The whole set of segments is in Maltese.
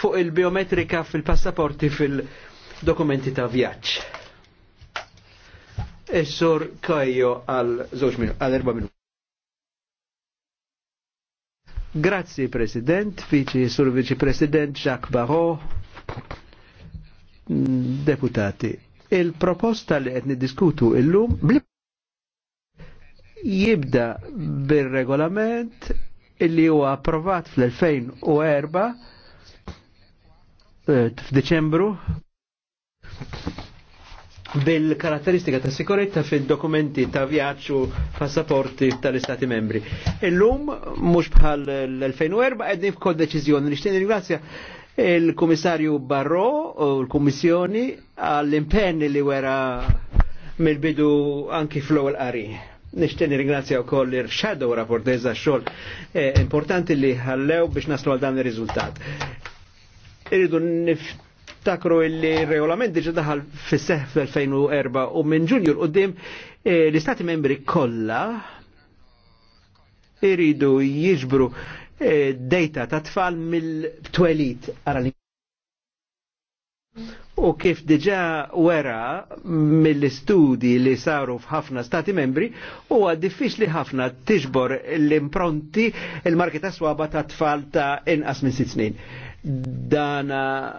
fuq il-biometrika fil-passaporti fil-dokumenti ta' vjaġġ. Is-sur e Kajjo għal żewġ għal erba' minuti. Grazzi President, Vici Sur Vici President Jacques Barrot mm, deputati. Il-proposta li qed niddiskutu illum jibda bil-regolament illi huwa approvat fl-2004 Eh, f'Deċembru bil-karatteristika ta' sikuretta fil-dokumenti ta' vjaċu passaporti tal-Istati membri. Illum, mux bħal l-2004, għedni f'kod deċizjoni. Nishtin ringrazzja il-Komissarju Barro u l-Komissjoni għall-impenni li wera mill-bidu anki fl-ewwel qari. Nishtin ringrazzja u koll il-Shadow Rapport xol eh, importanti li ħallew biex naslu għal dan il-rizultat irridu niftakru illi regolament diġa daħal fis-seħ fl-2004 u minn ġunju l-qoddim eh, l-istati membri kollha iridu jiġbru eh, data ta' tfal mill-twelit għarali. U kif diġa wera mill-istudi li saru f'ħafna stati membri, huwa diffiċli ħafna tiġbor l-impronti il-marki ta' swaba ta' tfal ta' inqas minn sitt snin dana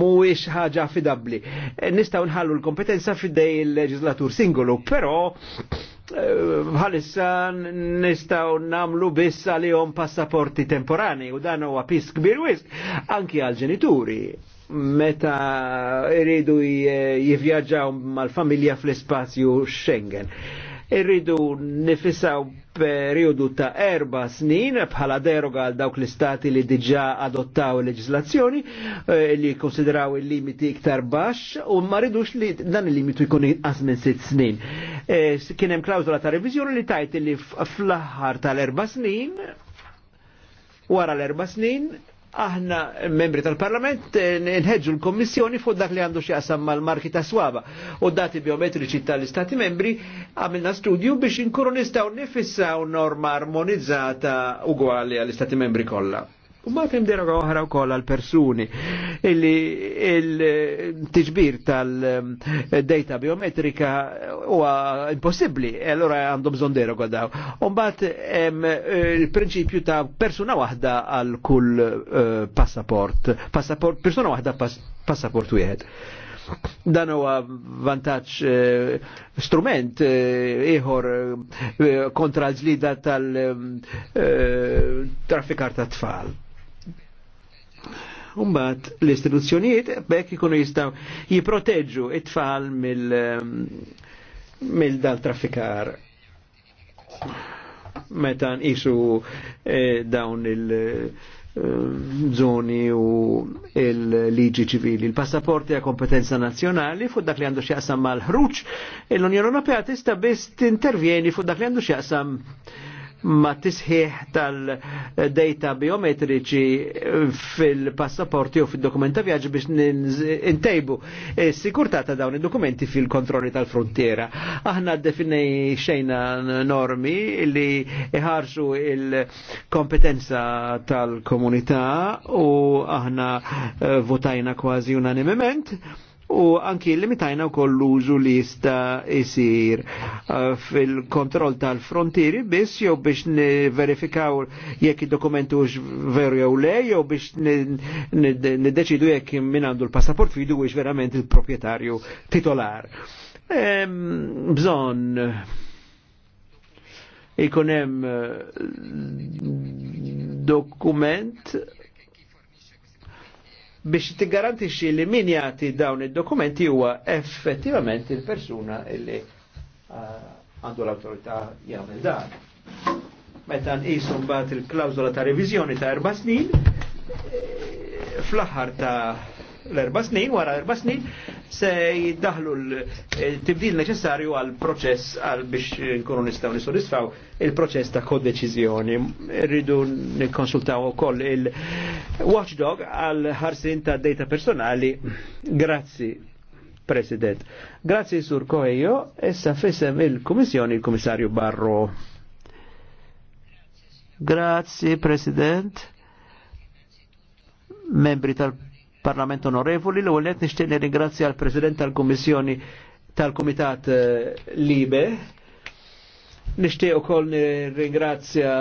mhuwiex ħaġa fidabli. Nistgħu nħallu l-kompetenza fidej il-leġislatur singolu, però eh, bħalissa nistgħu namlu biss jom passaporti temporani u dan huwa piss kbir wisq anki għal ġenituri meta irridu jivvjaġġaw mal-familja fl-ispazju Schengen irridu nifisaw periodu ta' erba snin bħala deroga għal dawk l-istati li diġa adottaw leġislazzjoni eh, li konsideraw il-limiti iktar baxx u ma ridux li dan il-limitu jkun inqas minn sitt snin. Eh, Kien hemm ta' reviżjoni li tajt li fl-aħħar tal-erba snin wara l-erba snin aħna membri tal-Parlament eh, nħedġu l-Kommissjoni fuq dak li għandu xjaqsam mal-marki ta' swaba u dati biometriċi tal-Istati membri għamilna studju biex inkunu nistgħu nifissaw norma armonizzata uguali għall-Istati membri kollha. Mbagħad hemm deroga oħra wkoll għal persuni illi il-tiġbir tal-data biometrika huwa impossibbli, e allora għandhom bżon deroga daw. Mbagħad hemm il-prinċipju ta' persuna waħda għal kull eh, passaport, passaport persuna waħda passaport wieħed. Dan huwa vantaġġ eh, strument eh, ieħor kontra l-ġlida tal-traffikar ta' tfal Umbat l-istituzzjonijiet bekk ikunu jistaw jiproteġu it-tfal mill um, mil dal traffikar meta isu eh, dawn il- eh, zoni u il-liġi ċivili. Il-passaporti għal kompetenza nazjonali fu dak li għandu xieqsam mal ħruċ l-Unjoni Europea tista' biss t-intervjeni fu dak li għandu xieqsam ma tisħiħ tal-data biometriċi fil-passaporti u fil-dokumenta vjaġġ biex intejbu eh, sikurta ta' dawn id-dokumenti fil-kontrolli tal-frontiera. Aħna definej xejna normi li iħarġu il-kompetenza tal-komunità u aħna eh, votajna kważi unanimement u anki limitajna wkoll l-użu li jista' isir uh, fil-kontroll tal-frontieri biss jew biex verifikaw jekk id-dokumentu veru jew le jew biex niddeċidu jekk min għandu l-passaport fidu ux verament il propietarju titolar. Bżon ikonem eh, dokument biex t-garantixi li min jagħti dawn id-dokumenti huwa effettivament il-persuna illi ah, għandu l-autorità jagħmel dan. Meta nqisu mbagħad il-klawżola ta' reviżjoni ta' erba' snin, eh, fl-aħħar ta' l-erba' snin, wara erba' snin, se jiddaħlu l-tibdil neċessarju għal proċess għal biex nkunu nistaw nisodisfaw il-proċess ta' kodeċizjoni. Rridu nikkonsultaw ukoll il-watchdog għal ħarsin ta' data personali. Grazzi. President. Grazzi Sur Koejo, essa fissem il-Komissjoni il-Komissarju Barro. Grazzi President membri tal Parlament Onorevoli, l għollet nishtiq nirringrazzja l-President tal-Kommissjoni tal-Komitat eh, Libe. Nishtiq ukoll nirringrazzja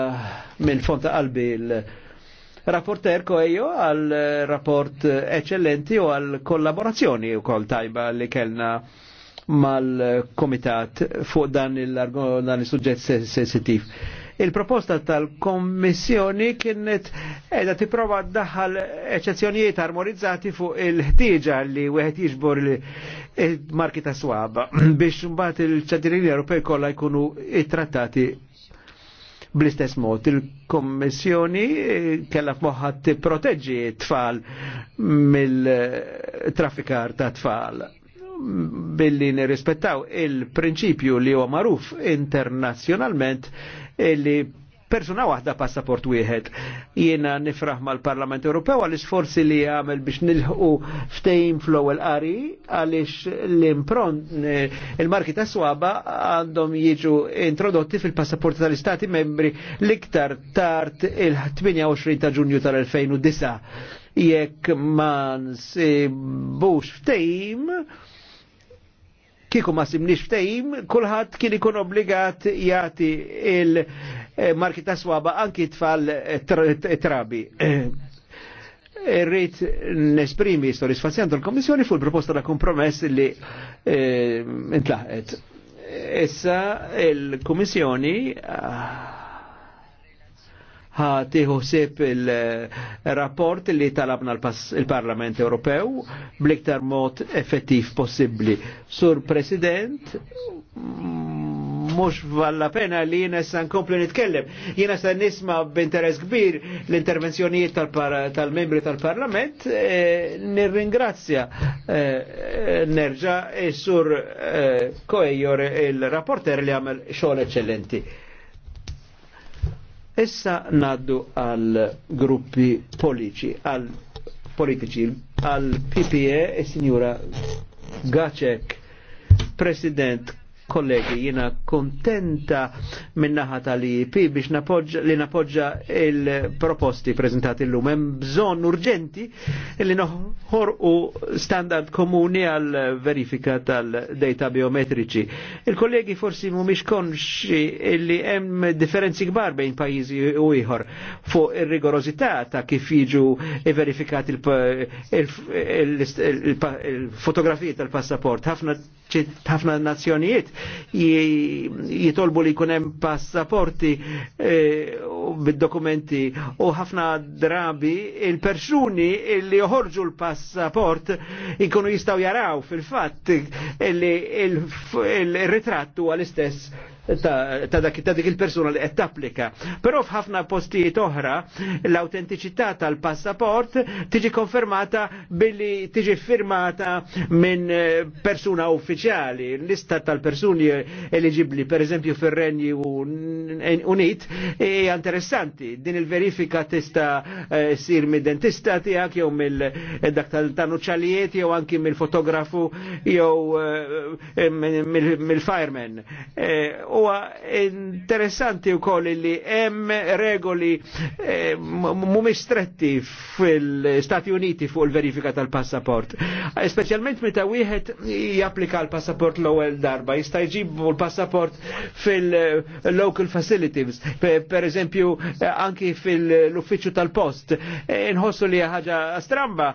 minn fonta qalbi l-rapporter Koejo għal rapport eccellenti u għal kollaborazzjoni ukoll tajba li kellna mal-Komitat fuq dan il-suġġett sensitiv. -se Il-proposta tal-Kommissjoni kienet edha tipprova daħal eċezzjonijiet armorizzati fuq il-ħtieġa li wieħed jiġbor il-marki ta' swab biex mbagħad il-ċadirini Ewropej kollha jkunu trattati bl-istess mod il-kommissjoni eh, kella f'moħħa tipproteġġi t-tfal mill-traffikar ta' tfal billi nirrispettaw il-prinċipju li huwa magħruf internazzjonalment li persuna waħda passaport wieħed. Jiena nifraħ mal-Parlament Ewropew għal isforzi li jagħmel biex nilħu ftehim fl-ewwel qari għaliex l-impront il-marki ta' swaba għandhom jiġu introdotti fil-passaport tal-Istati membri l-iktar tard il-28 ta' Ġunju tal-2009. Jekk ma nsibux ftehim, Kieku ma simniex ftehim, kulħadd kien ikun obbligat jagħti il-marki ta' swaba anki tfal trabi. Rrit nesprimi soddisfazzjant tal komissjoni fuq il-proposta ta' kompromess li eh, intlaħet. Issa il-Komissjoni ah, ħatiħu sib il-rapport li talabna il-Parlament Ewropew bliktar mod effettiv possibli. Sur President, mux valla pena li jina san komplu nitkellem. Jina san nisma b'interess kbir l-intervenzjonijiet tal-membri tal tal-parlament, e, ringrazzja e, nerġa e sur e, Koejor il-rapporter li għamel xogħol eccellenti. Issa naddu għal gruppi politiċi, għal politiċi, għal PPE, e signora Gacek, President kollegi, jina kontenta minnaħa tal-IP biex napoġġa, li napoġġa il-proposti prezentati l-lum. Hemm bżonn urġenti li u standard komuni għal verifika tal-data biometriċi. Il-kollegi forsi mhumiex konxi li hemm differenzi kbar bejn pajjiżi u ieħor fuq ir-rigorozità ta' kif jiġu verifikat il-fotografiji tal-passaport. Ħafna nazzjonijiet jitolbu li kunem passaporti eh, bid-dokumenti u ħafna drabi il-persuni li joħorġu l-passaport ikunu jistaw jaraw fil-fatt il-ritrattu għal-istess ta' dak ta' dik il-persuna li qed tapplika. Però f'ħafna postijiet oħra l-autentiċità tal-passaport tiġi konfermata billi tiġi firmata minn eh, persuna uffiċjali. Lista tal-persuni eligibli, per eżempju, fir-Renju Unit, hija e-, e interessanti. Din il-verifika tista' eh, sir mid-dentista tiegħek jew mill-dak tal-tanuċalijiet jew anki mill-fotografu jew eh, mill-fireman. U huwa interessanti wkoll li hemm regoli eh, mhumiex stretti fil-Stati Uniti fuq il-verifika tal-passaport. Speċjalment meta wieħed japplika l-passaport l-ewwel darba, jista' jġibu l-passaport fil-local facilities, per eżempju eh, anki fil-uffiċċju tal-post. Inħossu e, li ħaġa stramba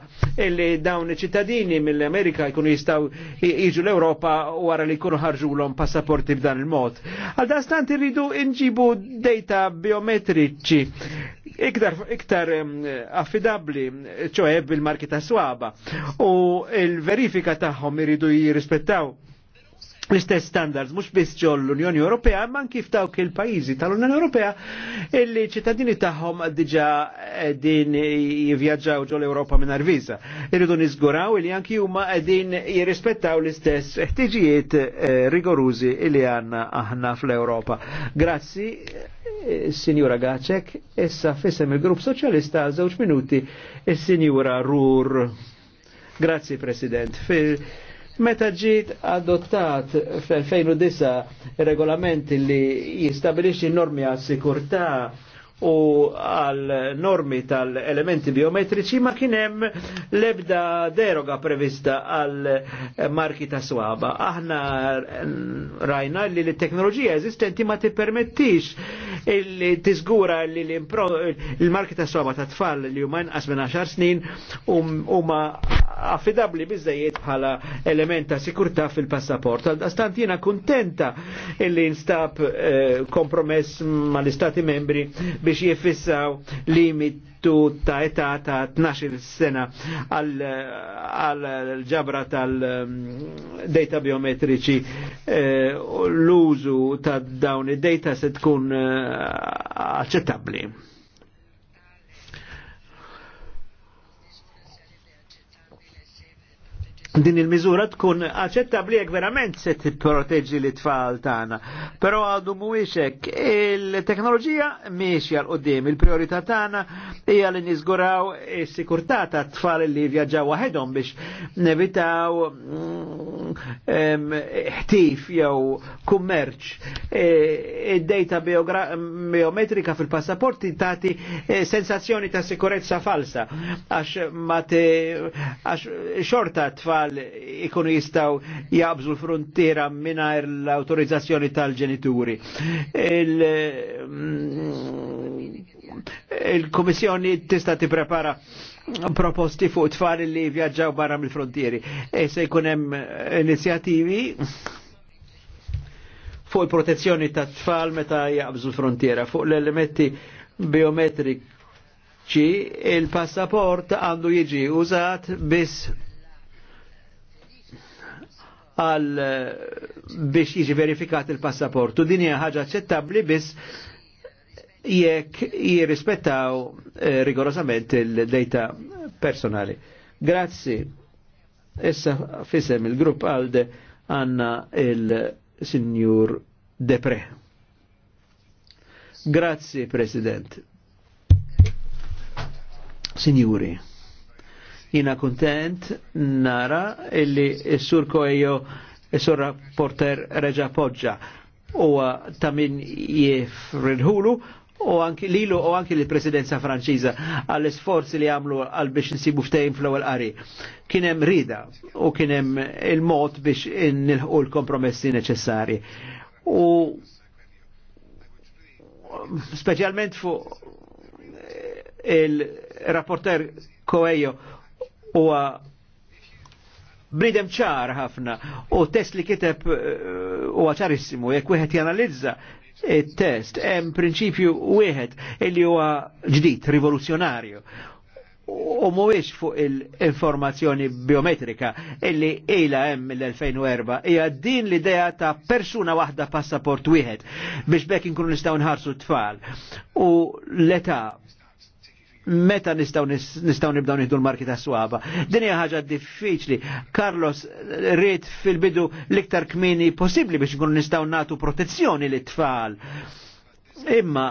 illi dawn iċ-ċittadini mill-Amerika jkunu jistgħu jiġu l-Ewropa wara li jkunu ħarġulhom passaporti b'dan il-mod. Għal dastant irridu inġibu data biometriċi iktar, iktar affidabli, ċoħe bil-marki ta' swaba u il-verifika tagħhom iridu jirrispettaw l-istess standards, mux biss ġol l-Unjoni Ewropea, ma kif dawk il-pajizi tal-Unjoni Ewropea, illi ċittadini tagħhom diġa din jivjaġġaw ġol Ewropa minn viza. Irridu nizguraw illi anki huma qegħdin jirrispettaw l-istess ħtiġijiet eh, rigorużi illi għandna aħna fl-Ewropa. Grazzi, eh, Sinjura Gaċek, issa fissem il-Grupp Soċjalista żewġ minuti, is-Sinjura Rur. Grazzi, President. Fil Meta ġiet adottat fl-2009 regolament li jistabilixi normi għas sikurtà u għal normi tal-elementi biometriċi ma kienem lebda deroga prevista għal marki ta' swaba. Aħna rajna li l-teknoloġija eżistenti ma permettix li tiżgura li l-marki ta' swaba ta' tfal li huma inqas minn 10 snin um-, huma affidabli biżejjed bħala element ta' sikurtà fil-passaport. Għastant jiena kuntenta li nstab eh, kompromess mal istati membri biex jifissaw limitu ta' età ta' 12 sena għal-ġabra tal-data um, biometriċi. Eh, l-użu ta' dawn id-data se tkun eh, aċċettabbli. din il-miżura tkun aċċettabbli jekk verament se tipproteġġi l-itfal tagħna. Però għadu mhuwiex hekk. Il-teknoloġija mhixja l qudiem il-priorità tagħna hija li niżguraw is-sikurtà tat-tfal li vjaġġaw waħedhom biex nevitaw mm, ħtif jew kummerċ. E, Id-dejta biometrika fil-passaporti tagħti e, sensazzjoni ta' sikurezza falsa għax ma xorta tfal tal ikunu jistaw jabżu l-frontiera minar l-autorizzazzjoni tal-ġenituri. Mm, Il-Komissjoni tista tista tipprepara proposti fuq tfal li vjaġġaw barra mill-frontieri. E se jkun hemm fuq il-protezzjoni ta' tfal meta jabżu l-frontiera, fuq l-elementi biometriċi il-passaport għandu jiġi użat biss għal eh, biex jiġi verifikat il-passaportu. Din hija ħaġa aċċettabbli biss jekk jirrispettaw eh, rigorosament il-data personali. Grazzi. Issa fisem il-grupp għalde għanna il-Sinjur Depre. Grazzi, President. Signori. Jina kontent nara illi s-sur koejo s-sur rapporter reġa poġġa u tamin min jifridħulu u anki lilu u anki l-presidenza franċiza għall sforzi li għamlu għal biex nsibu ftejn fl-ewwel qari. Kienem rida u kienem il-mod biex nilħu l-kompromessi neċessari. U specialment fu il-rapporter Coelho huwa bnidem ċar ħafna u test li kiteb eh, huwa ċarissimu jekk wieħed janalizza il test hemm prinċipju wieħed illi huwa ġdid rivoluzzjonarju u mhuwiex fuq il-informazzjoni biometrika illi ila hemm mill-2004 hija din l-idea ta' persuna waħda passaport wieħed biex bekk inkunu nistgħu nħarsu t-tfal u l-età meta nistaw nistaw nibdaw nihdu l-marki ta' swaba. Din hija ħaġa diffiċli. Carlos rrit fil-bidu l-iktar kmini possibbli biex nkun nistaw natu protezzjoni li tfal. Imma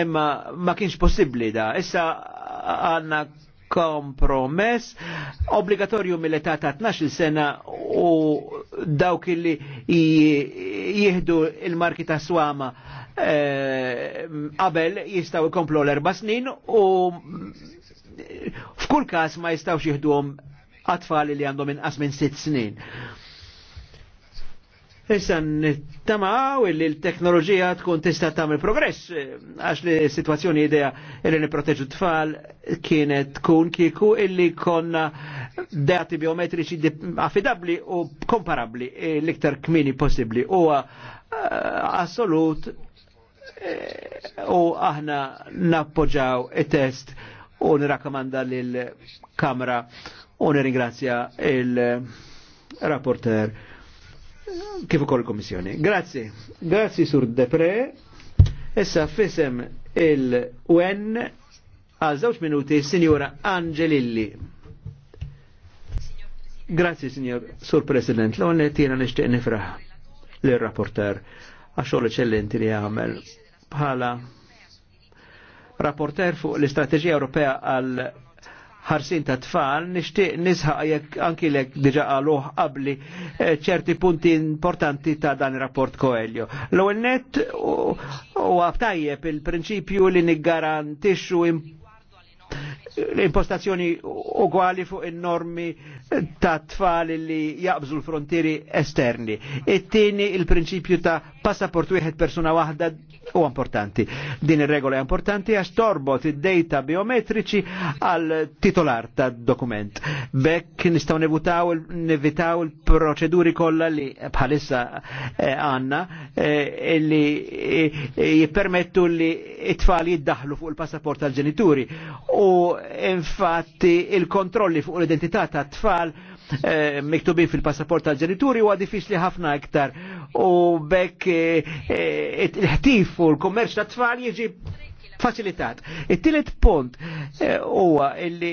Imma ma kienx possibbli da. Issa għanna kompromess obbligatorju mill-età ta' 12 sena u dawk li jihdu il-marki ta' swama qabel jistaw ikomplu l-erba snin u f'kull każ ma jistawx jieħduhom għatfali li għandhom inqas minn sitt snin. Issa nittamaw li l-teknoloġija tkun tista' tagħmel progress għax li situazzjoni idea li nipproteġu tfal kienet tkun kieku illi konna dati biometriċi affidabli u komparabli eh, l-iktar kmini possibbli u eh, assolut Eh, u aħna nappoġġaw it-test u nirakamanda lill-Kamra u nirringrazzja il-rapporter kif ukoll il-Kommissjoni. Grazzi, grazzi sur Depre. Issa fisem il-UN għal żewġ minuti Signora Angelilli. Grazzi, Signor Sur President, l-għon li tina nishtiq nifraħ l-rapporter għaxol eccellenti li għamel bħala rapporter fuq l-Istrateġija Ewropea għal ħarsin ta' tfal, nishtiq nisħaq jekk anki lek diġa għaluħ qabli eh, ċerti punti importanti ta' dan rapport Koelio. L-ewwel net u għaftajjeb il-prinċipju li niggarantixxu impostazzjoni uguali fuq in-normi ta' tfal li jaqbżu l-frontieri esterni. It-tieni il-prinċipju ta' passaport wieħed persuna waħda u importanti. Din ir-regola importanti għax torbot id-data biometriċi għal titolar ta' dokument. Bekk nistaw nevitaw il-proċeduri kollha li bħalissa eh, għanna eh, li eh, jippermettu li it-tfal jiddaħlu fuq il-passaport tal-ġenituri. U infatti il-kontrolli fuq l-identità ta' tfal Eh, miktubin fil-passaport tal-ġenituri huwa diffiċli ħafna iktar u bekk eh, eh, il-ħtif u l-kommerċ ta' tfal jieġi facilitat. Il-tilet punt huwa illi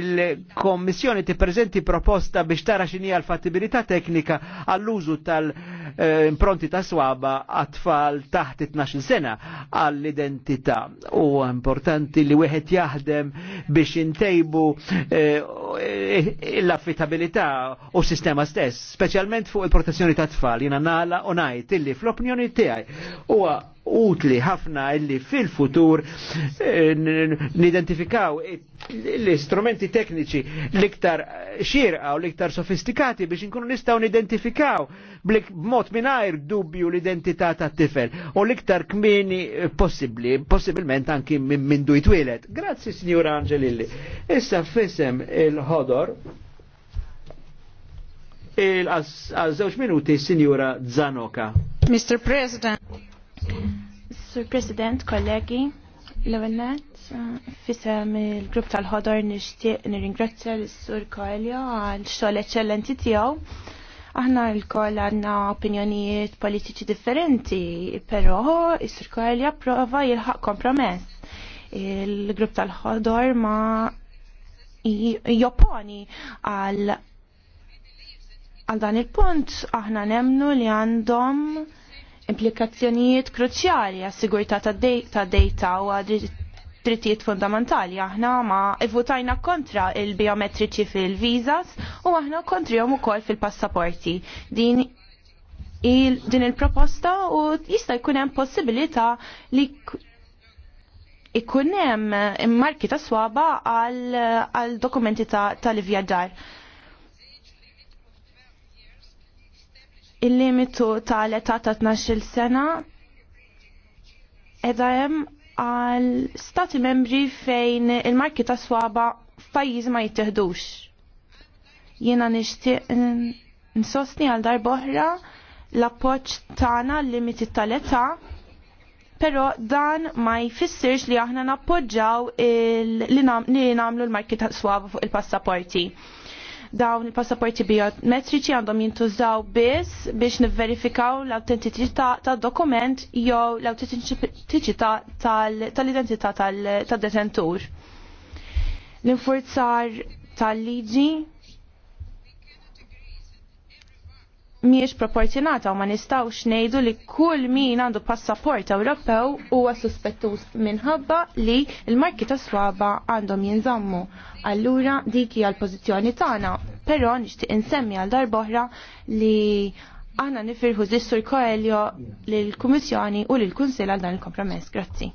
il-Kommissjoni tippreżenti proposta biex tara xinija l-fattibilità teknika għall-użu tal- Eh, impronti ta' swaba għat-tfal taħt 12 sena għall-identità u importanti li wieħed jaħdem biex intejbu eh, l-affitabilità u s-sistema stess, specialment fuq il-protezzjoni ta' tfal, jina nala u najt illi fl-opinjoni tiegħi huwa utli ħafna illi fil-futur eh, nidentifikaw l-istrumenti tekniċi l-iktar xirqa u l-iktar sofistikati biex nkunu nistaw nidentifikaw b'mod mingħajr dubju l-identità tat-tifel u l-iktar kmini eh, possibbli, possibilment anki minn mindu wilet. Grazzi, Signora Angelilli. Issa fissem il-ħodor għal il żewġ minuti, Signora Zanoka. Mr. President. Sur President, kollegi, l-għennet, fissem il-grupp tal-ħodor nishtiq nir-ingrazzja l-Sur Koelio għal xol eccellenti tijaw. Aħna l-koll għanna opinjonijiet politiċi differenti, pero Sur Koelio prova jilħaq kompromess. Il-grupp tal-ħodor ma jopponi għal għal dan il-punt aħna nemnu li għandhom implikazzjonijiet kruċjali għas-sigurtà tad-data u drittijiet fundamentali. Aħna ma votajna kontra il-biometriċi fil-vizas u aħna kontrihom ukoll fil-passaporti. Din il din il-proposta u jista' jkun hemm possibilità li ikun hemm marki ta' swaba għal dokumenti tal-ivvjaġġar. Ta il-limitu tal-età ta' 12 sena edha hemm għal stati membri fejn il-marki ta' swaba fajiz ma jittihdux. Jiena nixtieq nsostni għal darboħra l-appoġġ tagħna l-limiti tal-età pero dan ma jfissirx li aħna nappoġġaw li namlu l-marki ta' swaba fuq il-passaporti dawn il-passaporti biometriċi għandhom jintużaw biss biex nivverifikaw l-autentiċità tad dokument jew l-autentiċità tal-identità tal-detentur. L-infurzar tal-liġi miex proporzjonata u ma nistawx nejdu li kull min għandu passaport Ewropew huwa suspettuż minħabba li l-marki ta' swaba għandhom jinżammu. Allura dik hija l-pożizzjoni tagħna, però nixtieq insemmi għal darb'oħra li aħna nifirħu Sur Koelio lill-Kummissjoni u lill kunsil għal dan il-kompromess. Grazzi.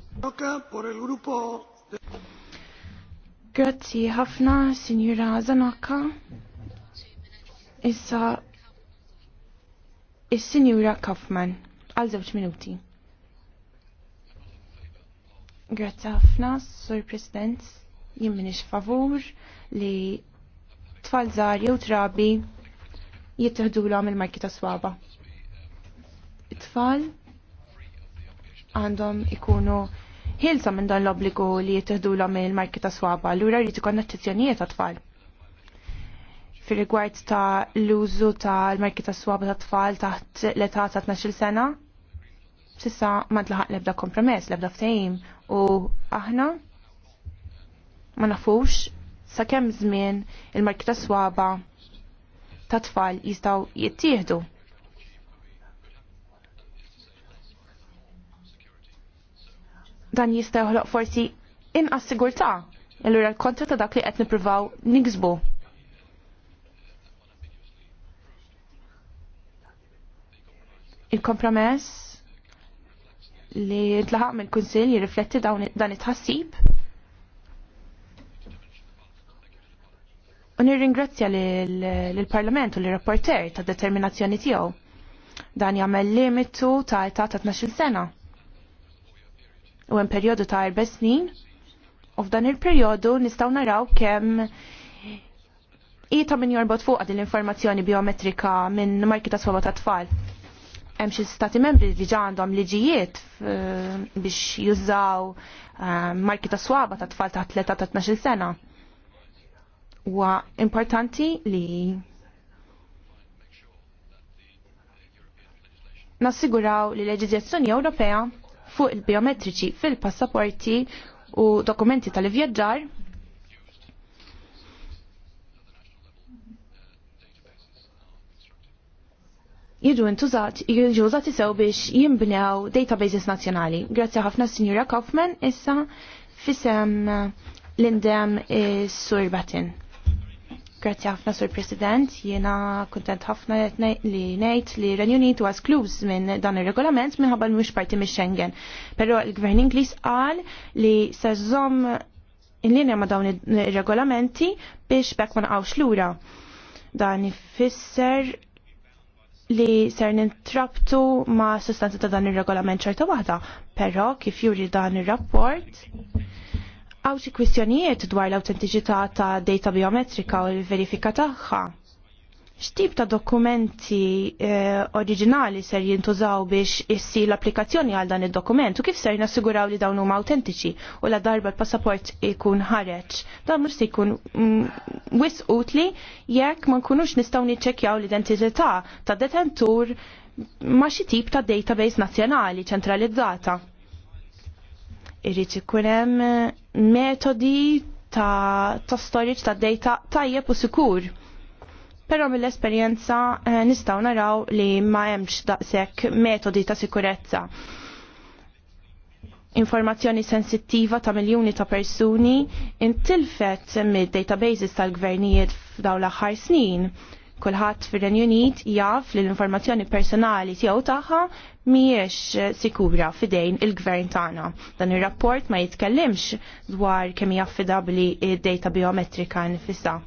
Grazzi ħafna, Sinjura Zanokka. Issa Is-Sinjura Kaufman, għal żewġ minuti. Grazzi ħafna, Sur President, jien minix favur li tfal żgħar jew trabi jittieħdulhom il-marki ta' swaba. It-tfal għandhom ikunu ħilsa minn dan l-obbligu li jittieħdulhom il-marki ta' swaba, allura jrid ikun attenzjonijiet ta' tfal fir rigward ta' l-użu tal-merki ta' swab ta' tfal taħt l-età ta' 12 sena. Sissa ma tlaħaq lebda kompromess, lebda ftehim u aħna ma nafux sa' kemm żmien il-merki ta' swaba ta' tfal jistgħu jittieħdu. Dan jista' joħloq forsi inqas sigurtà. Allura kontra ta' dak li qed nippruvaw niksbu. Il-kompromess li tlaħaq mill-Kunsill jirrifletti dan it-ħassib. U nirringrazzja lill-Parlament u lir-rapporter ta' determinazzjoni tiegħu. Dan jagħmel limitu ta' età ta' 12 sena. U hemm perjodu ta' erba' snin. U f'dan il-perjodu nistgħu naraw kemm ta' min jorbot fuq din l-informazzjoni biometrika minn marki ta' swoba ta' tfal hemm xi stati membri li diġà għandhom liġijiet eh, biex jużaw eh, marki ta' swaba ta' tfal ta' tleta ta' 12 sena. Huwa importanti li nassiguraw li leġiżjazzjoni Ewropea fuq il-biometriċi fil-passaporti u dokumenti tal-vjaġġar Jidu intużat, jidu użati sew biex jimbnew databases nazzjonali. Grazzi ħafna Signora Kaufman, issa fisem l-indem eh, Sur Batin. Grazzi ħafna Sur President, jiena kontent ħafna li ngħid li Renjunit huwa sklus minn dan ir-regolament minħabba mux parti minn Schengen. Però l-Gvern Ingliż qal li se żomm in-linja ma' dawn ir-regolamenti biex bekk ma naqgħux lura dan ifisser li ser nintrabtu ma' sustanza ta' dan ir-regolament ċerta waħda, però kif juri dan ir-rapport għaw xi kwistjonijiet dwar l-autentiċità ta' data biometrika u l-verifika tagħha. X'tip ta' dokumenti eh, oriġinali ser jintużaw biex issi l-applikazzjoni għal dan id-dokument u kif ser nassiguraw li dawn huma autentiċi u la darba l-passaport ikun ħareġ. Dan mhux se jkun mm, wis utli jekk ma nkunux nistgħu niċċekkjaw l-identità ta' detentur ma' xi tip ta' database nazzjonali ċentralizzata. Irrid ikun hemm metodi ta', ta storage ta' data tajjeb u sikur Però mill-esperjenza eh, nistgħu naraw li ma hemmx daqshekk metodi ta' sikurezza. Informazzjoni sensittiva ta' miljuni ta' persuni intilfet mid-databases tal-gvernijiet f'dawn l-aħħar snin. Kulħadd fir-Renju Unit jaf li l-informazzjoni personali tiegħu tagħha mhijiex sikura fidejn il-gvern tagħna. Dan ir-rapport ma jitkellimx dwar kemm hija affidabbli d-data biometrika nfisha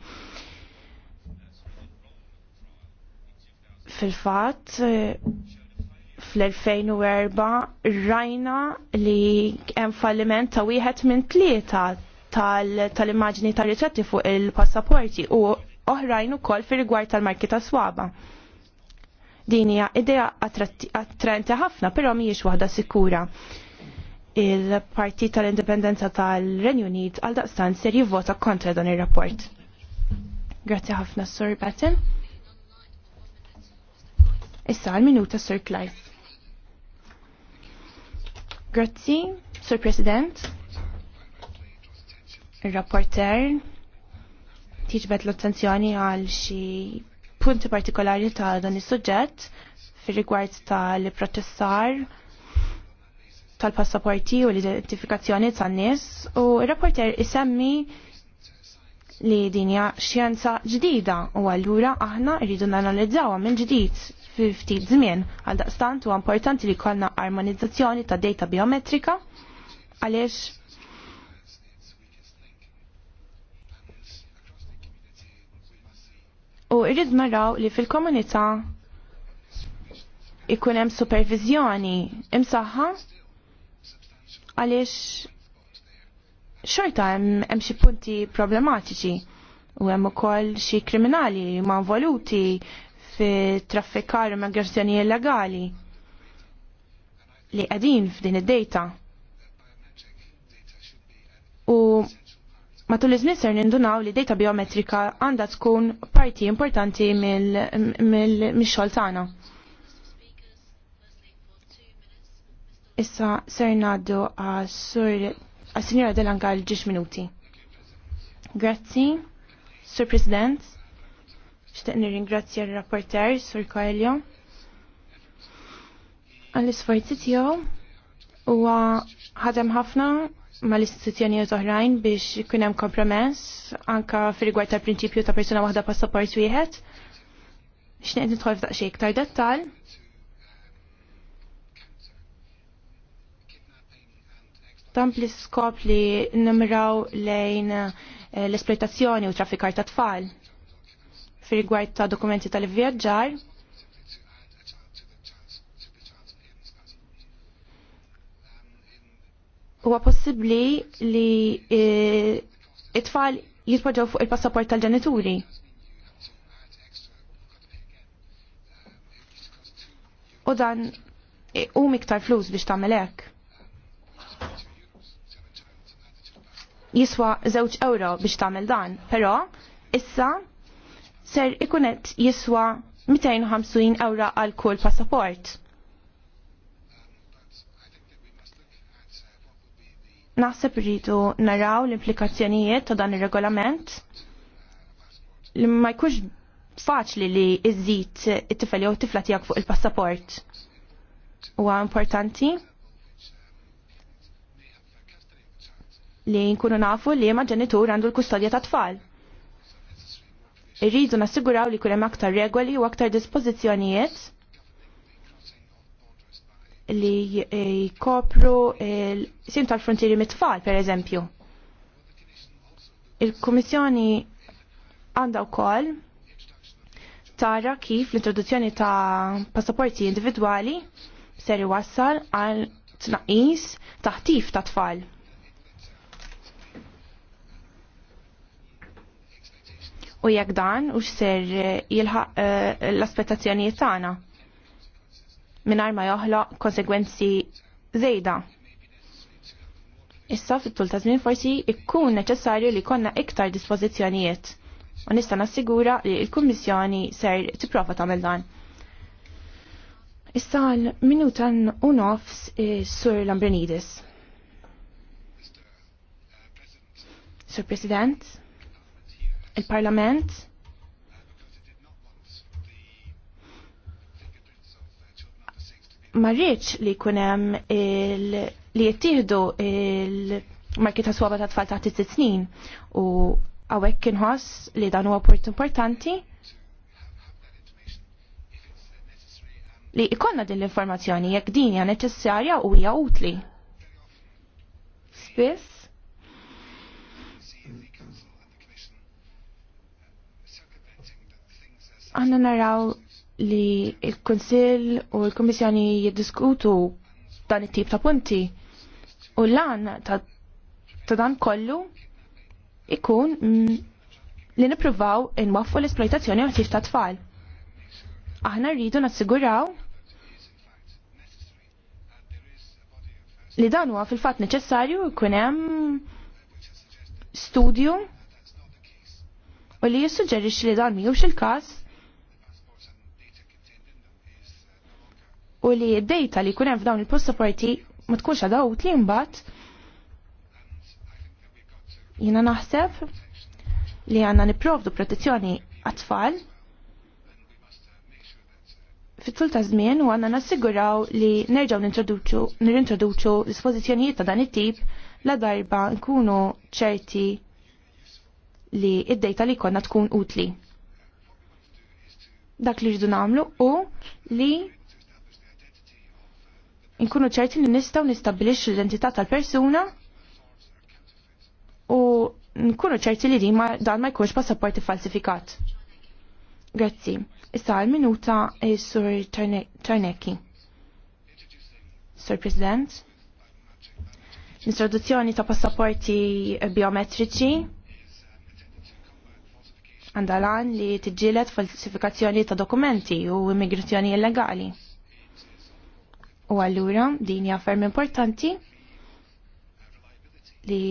fil-fat fl-2004 rajna li hemm falliment ta' wieħed minn tlieta tal-immaġni tal riċetti fuq il-passaporti u oħrajn ukoll fir-rigward tal-marki ta' swaba. Din hija idea attrenti ħafna, però mhijiex waħda sikura. Il-Partit tal-Indipendenza tal-Renju Unit għal daqstan ser jivvota kontra dan ir-rapport. Grazzi ħafna, Sur Patton. Issa għal-minuta Sir Clive. Grazzi, Sir President, il-rapporter, tiġbet l-attenzjoni għal xi punti partikolari ta' dan is-suġġett fir-rigward tal-protessar tal-passaporti u l-identifikazzjoni tan-nies u r-rapporter isemmi li dinja xjenza ġdida u għallura aħna rridu nanalizzawa minn ġdid fil ftit żmien għal daqstant u importanti li kollna armonizzazzjoni ta' data biometrika għaliex u rridu naraw li fil-komunità ikun hemm supervizjoni imsaħħa għaliex xorta hemm xi punti problematiċi u hemm ukoll xi kriminali li ma involuti fi traffikar immigrazzjoni illegali li qegħdin f'din id-dejta. U matul iż-żmien ser nindunaw li data biometrika għandha tkun parti importanti mill-xogħol tagħna. Issa ser ngħaddu għas sur Għas-Sinjora Delanka għal minuti. Grazzi, Sur President, xtaq nirringrazzja għal rapporter Sur Coelho, għall-isforzi tiegħu U ħadem ħafna mal-istituzzjonijiet oħrajn biex ikun hemm kompromess anka fir-rigward tal-prinċipju ta' persuna waħda passaport wieħed. X'nejn nidħol f'daqsxejn iktar dettall dan bl skop li nimraw lejn eh, l-esploitazzjoni u traffikar ta' tfal. Fir-rigward ta' dokumenti tal-vjaġġar, huwa possibbli li eh, it-tfal jitpoġġaw fuq il-passaport tal-ġenituri. U dan eh, u miktar flus biex tagħmel hekk. jiswa zewċ euro biex tagħmel dan, però issa ser ikunet jiswa 250 euro għal kull passaport. Naħseb rridu naraw l-implikazzjonijiet ta' dan ir-regolament li ma jkunx faċli li iżid it-tifel jew tifla tiegħek fuq il-passaport. Huwa importanti li nkunu nafu li ma ġenitur għandu l-kustodja ta' tfal. Irridu nassiguraw li kurem aktar regoli u aktar dispozizjonijiet li eh, jkopru sim tal-frontieri mit-tfal, per eżempju. Il-Komissjoni għandha wkoll tara kif l-introduzzjoni ta' passaporti individwali ser iwassal għal tnaqis taħtif ta' tfal. u jekk dan u x'ser eh, jilħaq eh, l-aspettazzjonijiet tagħna mingħajr ma joħloq konsegwenzi żejda. Issa fit-tul ta' żmien forsi ikkun neċessarju li konna iktar dispożizzjonijiet u nista' nassigura li l-Kummissjoni ser tipprova tagħmel dan. Issa għal minutan u nofs eh, Sur Lambrinidis. Sur President, il-Parlament marriċ li kunem il li jittihdu il-marki ta' swaba ta' tfal ta' t snin u għawek kienħos li dan huwa port importanti li ikonna din l-informazzjoni jekk din hija neċessarja u hija utli. Spiss Għanna naraw li il-Konsil u l-Komissjoni jiddiskutu dan it-tip ta' punti u l għan ta' dan kollu ikun mm, li nipruvaw inwaffu l-esploitazzjoni għatif ta' tfal. Aħna rridu nassiguraw li dan huwa fil-fatt neċessarju jkun hemm studju u li jissuġġerix li dan mhijiex il-każ u li d-data li kunem f'dawn il-post supporti ma tkunx għadaw li bat jiena naħseb li għandna nipprovdu protezzjoni għat-tfal fit-tul ta' żmien u għandna nassiguraw li nerġgħu nirintroduċu dispożizzjonijiet ta' dan it-tip la darba nkunu ċerti li id-dejta li konna tkun utli. Dak li rridu nagħmlu u li Inkunu ċerti li nistaw nistabilix l-identità tal-persuna u nkunu ċerti li ma dan ma jkunx passaporti falsifikat. Grazzi. Issa għal-minuta eh, sur Tarnecki. Sur President l-introduzzjoni ta' passaporti biometriċi għandalan li t-ġilet falsifikazzjoni ta' dokumenti u immigrazzjoni illegali. U allura din hija ferm importanti li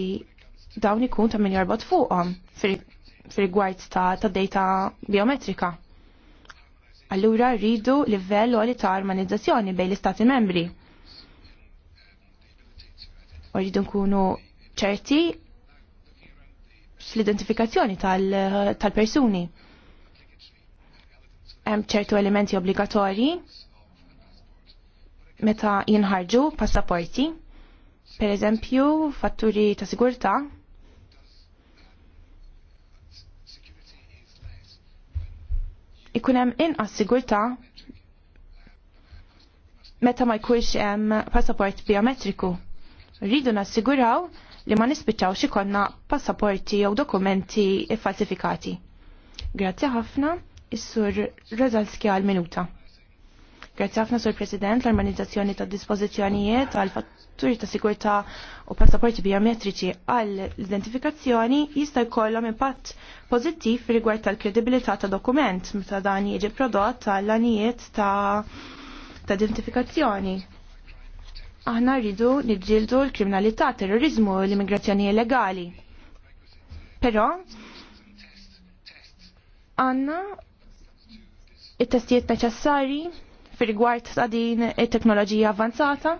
dawn ikun ta' min jorbot fuqhom fir-rigward ta' ta' data biometrika. Allura rridu livell għali ta' armonizzazzjoni bejn l-Istati membri. U rridu nkunu ċerti fl-identifikazzjoni tal-persuni. Tal Hemm ċertu elementi obbligatorji meta jinħarġu passaporti, per eżempju fatturi ta' sigurta, ikun hemm inqas sigurta meta ma jkunx hemm passaport biometriku. Rridu nassiguraw li ma nispiċċawx konna passaporti jew dokumenti falsifikati. Grazzi ħafna, is-sur Rezalski għal minuta. Grazie ħafna sur President l-armonizzazzjoni ta' dispożizzjonijiet għal fatturi ta' sigurta u passaporti biometriċi għal identifikazzjoni jista' jkollhom impatt pożittiv rigward tal-kredibilità ta' dokument meta dan jiġi prodott għal anijiet ta' ta' identifikazzjoni. Aħna rridu niġġieldu l-kriminalità, terrorizmu u l-immigrazzjoni illegali. Però għandna it-testijiet neċessarji fir-rigward ta' din it-teknoloġija avanzata.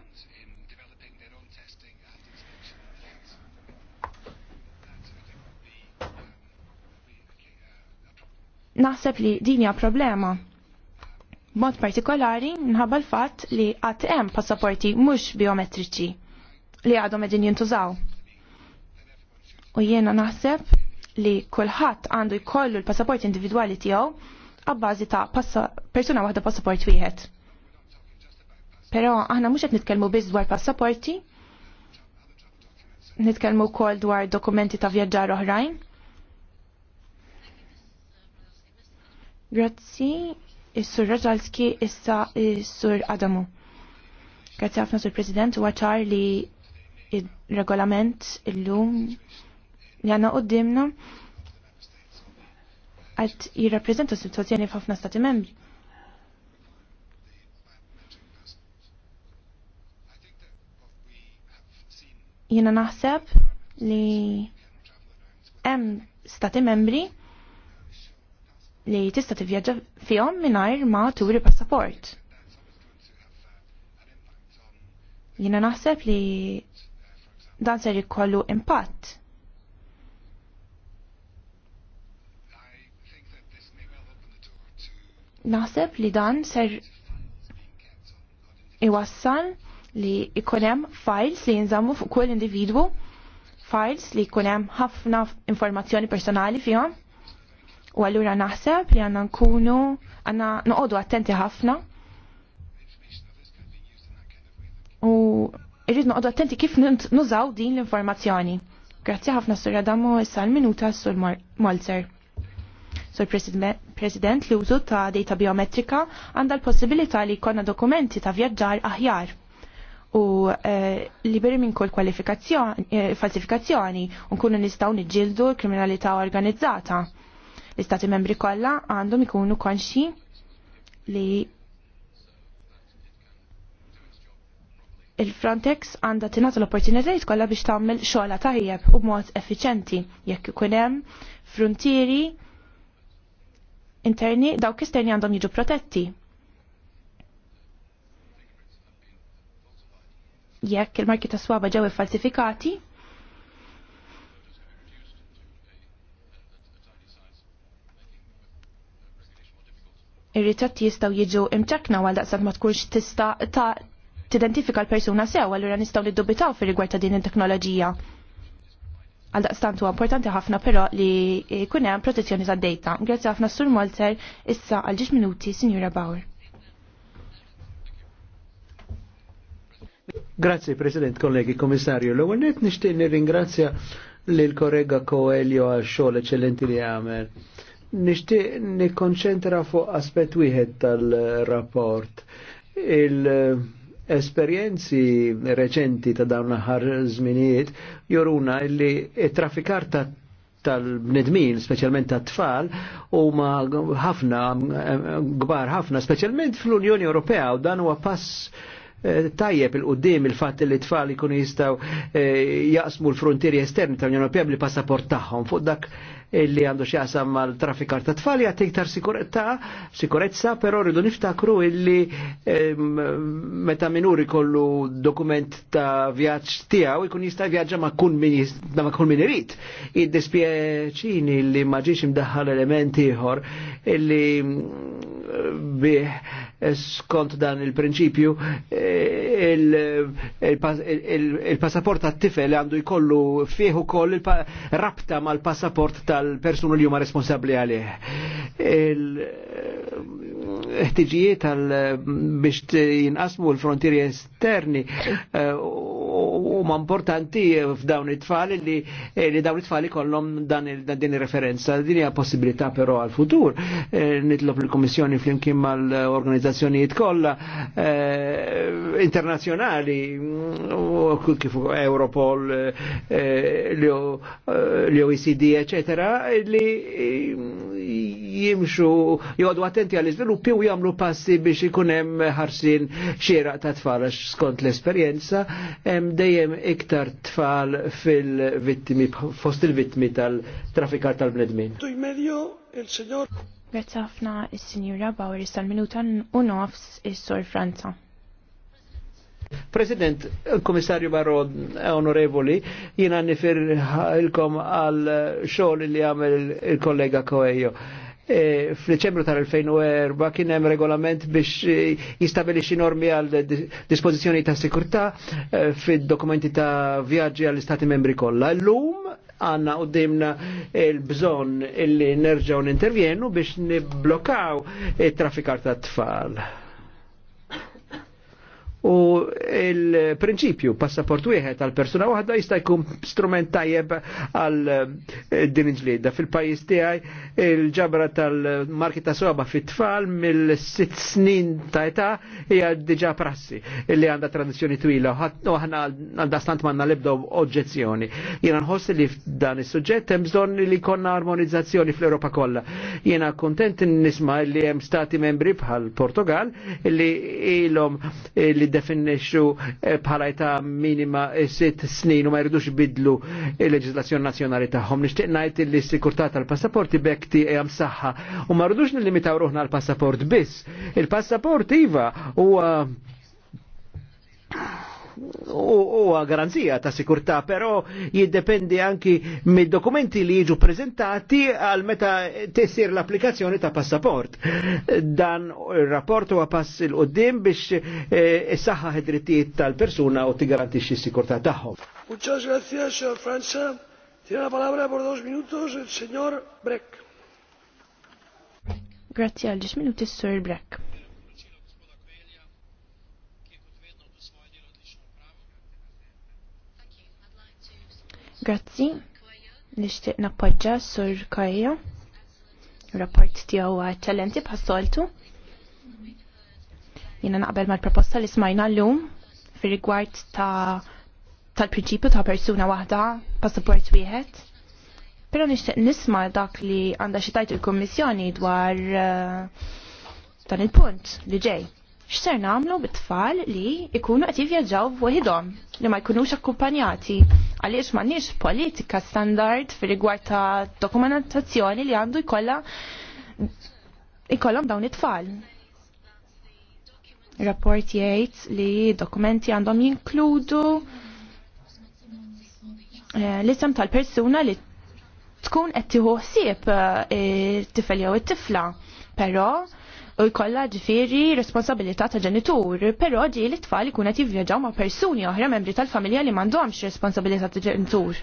Naħseb li din hija problema. Mod partikolari nħabba l-fatt li ATM hemm passaporti mhux biometriċi li għadhom qegħdin jintużaw. U jiena naħseb li kulħadd għandu jkollu l-passaport individwali tiegħu għabbażi ta' persuna waħda passaport wieħed. Però aħna mhux qed nitkellmu biss dwar passaporti, nitkellmu wkoll dwar dokumenti ta' vjaġġar oħrajn. Grazzi, is-sur Raġalski issa is-sur Adamu. Grazzi ħafna sur President u għaċar li il-regolament illum li għanna qoddimna għalt jirrapprezenta situazzjoni f'ħafna stati membri. Jena naħseb li hemm stati membri li tista' tivvjaġġa fihom mingħajr ma turi passaport. Jiena naħseb li dan ser jkollu impatt Naħseb li dan ser iwassal li ikonem files li jinżammu fuq kull individwu, files li ikonem ħafna informazzjoni personali fihom. U allura naħseb li għanna nkunu għanna noqodu attenti ħafna. U irrid noqodu attenti kif nużaw din l-informazzjoni. Grazzi ħafna s-sura damu issa l-minuta Sur Molzer. Sur President, l-użu ta' data biometrika għandha l-possibilità li jkollna dokumenti ta' vjaġġar aħjar u eh, liberi minn kull eh, falsifikazzjoni u nkunu nistgħu niġġieldu l-kriminalità organizzata. L-Istati membri kollha għandhom ikunu konxi li il-Frontex għandha tingħata l-opportunitajiet kollha biex tagħmel xogħla tajjeb u b'mod effiċenti jekk ikun hemm frontieri interni, dawk esterni għandhom jiġu protetti. Jekk il-marki ta' swaba ġew falsifikati, ir-ritratti jistgħu jiġu imċekna għal daqsad ma tkunx tista' ta' tidentifika l-persuna sew, allura nistgħu niddubitaw fir rigward ta' din it-teknoloġija għal daqstantu importanti ħafna però li kunem protezzjoni za data. Grazie ħafna Sur Molter, issa għal 10 minuti, Signora Bauer. Grazzi, President, kollegi, komissarju. L-ewwel net nixtieq nirringrazzja l kollega Coelho għal xol eccellenti li għamel. Nixtieq nikkonċentra fuq aspett wieħed tal-rapport. Il- Esperjenzi reċenti ta' dawn l-aħħar żminijiet joruna li traffikar ta' tal-bnedmin, specialment ta' tfal, u ma ħafna, gbar ħafna, specialment fl-Unjoni Ewropea, u dan huwa pass eh, tajjeb il-qoddim il fat li tfal ikun jistaw eh, jaqsmu l-frontieri esterni tal-Unjoni Ewropea bil passaport tagħhom fuq dak illi għandu xjaqsam mal traffikar ta' tfal jgħat iktar sikurezza, sikurezza, però rridu niftakru illi meta minuri kollu dokument ta' vjaġġ tiegħu jkun jista' vjaġġa ma' kun min ma' Id-dispjaċini li ma ġiex imdaħħal elementi ieħor illi bih skont dan il-prinċipju il-passaport e, il il il tat-tifel għandu jkollu fieħu koll rabta mal-passaport ta' tal personu li huma responsabbli għalih. Eh, ħtiġijiet tal biex jinqasmu l-frontieri esterni eh, huma importanti f'dawn it-tfal li, eh, li dawn it-tfal ikollhom dan din ir-referenza. Din hija possibilità però għal futur e, eh, nitlob il kummissjoni flimkien mal-organizzazzjonijiet kollha eh, mm, e, internazzjonali u kif Europol e, l-OECD eċetera li jimxu jgħodu attenti għall iżviluppi u jagħmlu passi biex ikun hemm ħarsin xieraq ta' tfal skont l-esperjenza e, hemm dejjem iktar tfal fil vittmi fost il-vittmi tal-trafikar tal-bnedmin. Grazzi ħafna is-Sinjura Bauer issa minuta u nofs is-Sor Franza. President, komissarju Barro, onorevoli, jina nifir il-kom għal xogħol li għamel il-kollega Coelho E, fl-ċembru tal-2004 kien hemm regolament biex e, jistabilixi normi għal dispożizzjoni ta' sikurtà e, fid-dokumenti ta' vjaġġi għall istati membri kollha. Llum għanna u dimna il-bżon illi nerġaw nintervjenu biex niblokaw it-traffikar ta' tfal. U il-prinċipju passaport wieħed għal persuna waħda jista' jkun strument tajjeb għal eh, din ġlieda. Fil-pajjiż tiegħi il-ġabra tal-marki ta' soba fit-tfal mill-sitt snin ta' età hija diġà prassi li għandha tradizzjoni twila u aħna għandha stant manna lebda oġġezzjoni. Jiena nħossi li f'dan is-suġġett hemm bżonn li jkollna armonizzazzjoni fl-Ewropa kollha. Jiena kontent nisma' li hemm stati membri bħal Portugal li ilhom eh, li defin definixxu eh, bħala età minima eh, sitt snin u ma jridux bidlu il-leġislazzjoni nazzjonali tagħhom. Nixtieq ngħid li s-sikurtà tal-passaporti bekk tiegħi msaħħa u ma rridux nillimitaw ruħna l-passaport biss. Il-passaport iva huwa u garanzija ta' sikurta, però jiddependi anki mid-dokumenti li jiġu prezentati għal meta tessir l-applikazzjoni ta' passaport. Dan il-rapport huwa pass il qoddim biex eh, is-saħħa e, id-drittijiet tal-persuna u tigarantixxi s-sikurtà tagħhom. Muchas gracias, señor Franza. Tiene la palabra por dos minutos el señor Breck. Grazie għal ġisminu minuti, Sir Breck. Grazzi, nishtiq nappoġġa sur Kajja. Rapport tiegħu eċċellenti bħal-soltu. Jiena naqbel mal-proposta li smajna llum fir-rigward ta' tal-prinċipju ta' persuna waħda passaport wieħed. Pero nishtiq nisma dak li għanda xitajt il-Kommissjoni dwar uh, dan il-punt li ġej x'ser nagħmlu bit-tfal li jkunu qed jivvjaġġaw f'waħidhom li ma jkunux akkumpanjati għaliex m'għandniex politika standard fil rigward ta' dokumentazzjoni li għandu jkolla jkollom dawn it-tfal. Rapport jgħid li dokumenti għandhom jinkludu eh, l-isem tal-persuna li tkun qed tieħu ħsieb eh, it-tifel jew it-tifla, però jkollha ġifieri responsabilità ta' ġenitur, però di li tfal ikun qed jivvjaġġaw ma' persuni oħra membri tal-familja li m'għandhomx responsabilità ta' ġenitur.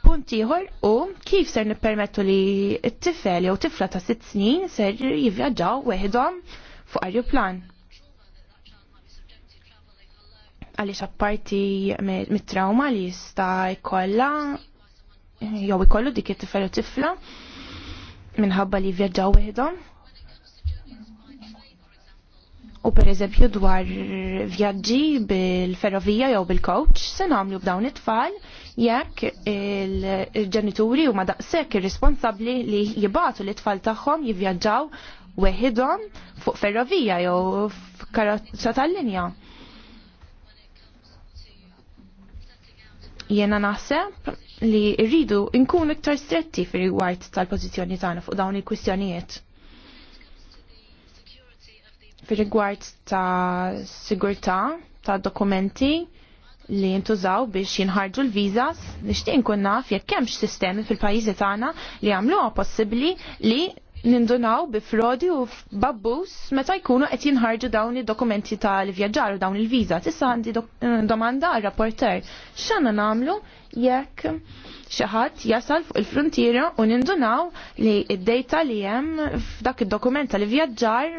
Punt ieħor u kif ser nippermettu li t-tifel jew tifla ta' sitt snin ser jivvjaġġaw weħidhom fuq arjuplan. Għaliex apparti mit-trauma li jista' jkollha jew ikollu dik it-tifel u tifla minħabba li vjaġġaw weħidhom u per eżempju dwar vjaġġi bil-ferrovija jew bil-coach se nagħmlu b'dawn it-tfal jekk il-ġenituri huma daqshekk irresponsabbli li jibatu l tfal tagħhom jivvjaġġaw weħidhom fuq ferrovija jew f'karozza tal-linja. Jiena naħseb li rridu nkunu iktar stretti fir rigward tal-pożizzjoni tagħna fuq dawn il-kwistjonijiet fir-rigward ta' sigurtà ta' dokumenti li jintużaw biex jinħarġu l-vizas, nixtieq nkun naf jekk hemmx sistemi fil-pajjiżi tagħna li għamluha possibbli li nindunaw bi frodi u babbus meta jkunu qed jinħarġu dawn id-dokumenti tal-vjaġġar u dawn il viza Issa għandi domanda għal rapporter x'għandna nagħmlu jekk xi ħadd jasal fuq il-frontiera u nindunaw li d-dejta li hemm f'dak id-dokument tal-vjaġġar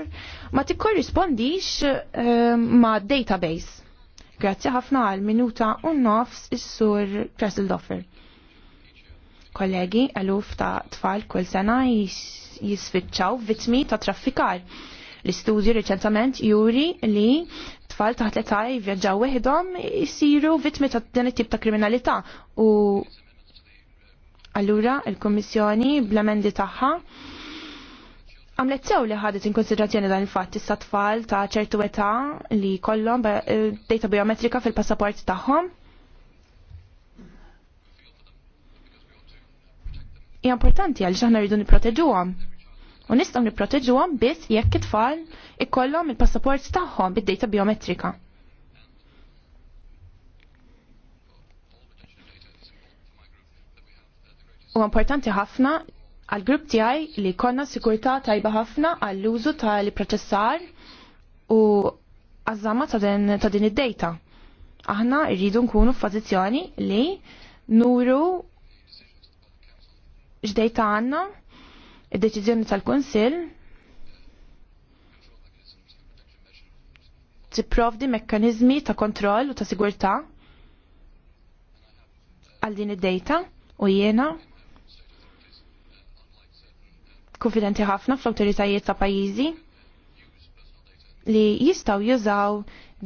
ma tikkorrispondix ehm, ma' database. Grazzi ħafna għal minuta u nofs is-sur Kresseldoffer. Kollegi, eluf ta' tfal kull sena jisfitċaw vitmi ta' traffikar. L-istudju reċentament juri li tfal ta' tletaj vjaġġaw weħdom jisiru vitmi ta' din it-tip ta' kriminalità u allura il-Kommissjoni bl-emendi tagħha għamlet sew li ħadet in konsiderazzjoni dan il-fatt issa tfal ta' ċertu età li kollhom eh, data biometrika fil-passaport tagħhom. Hija importanti għal xaħna rridu nipproteġuhom. U nistgħu nipproteġuhom biss jekk it-tfal ikollhom il-passaport tagħhom bid-data biometrika. U importanti ħafna għal-grupp tiegħi li konna sikurta tajba ħafna għall-użu tal-proċessar u għażama ta' din id-data. Aħna rridu nkunu f'pożizzjoni li nuru x'dejta għandna id-deċiżjoni tal-Kunsill tipprovdi mekkanizmi ta' kontroll u ta' sigurtà għal din id-data u jiena konfidenti ħafna fl-autoritajiet ta' pajjiżi li jistaw jużaw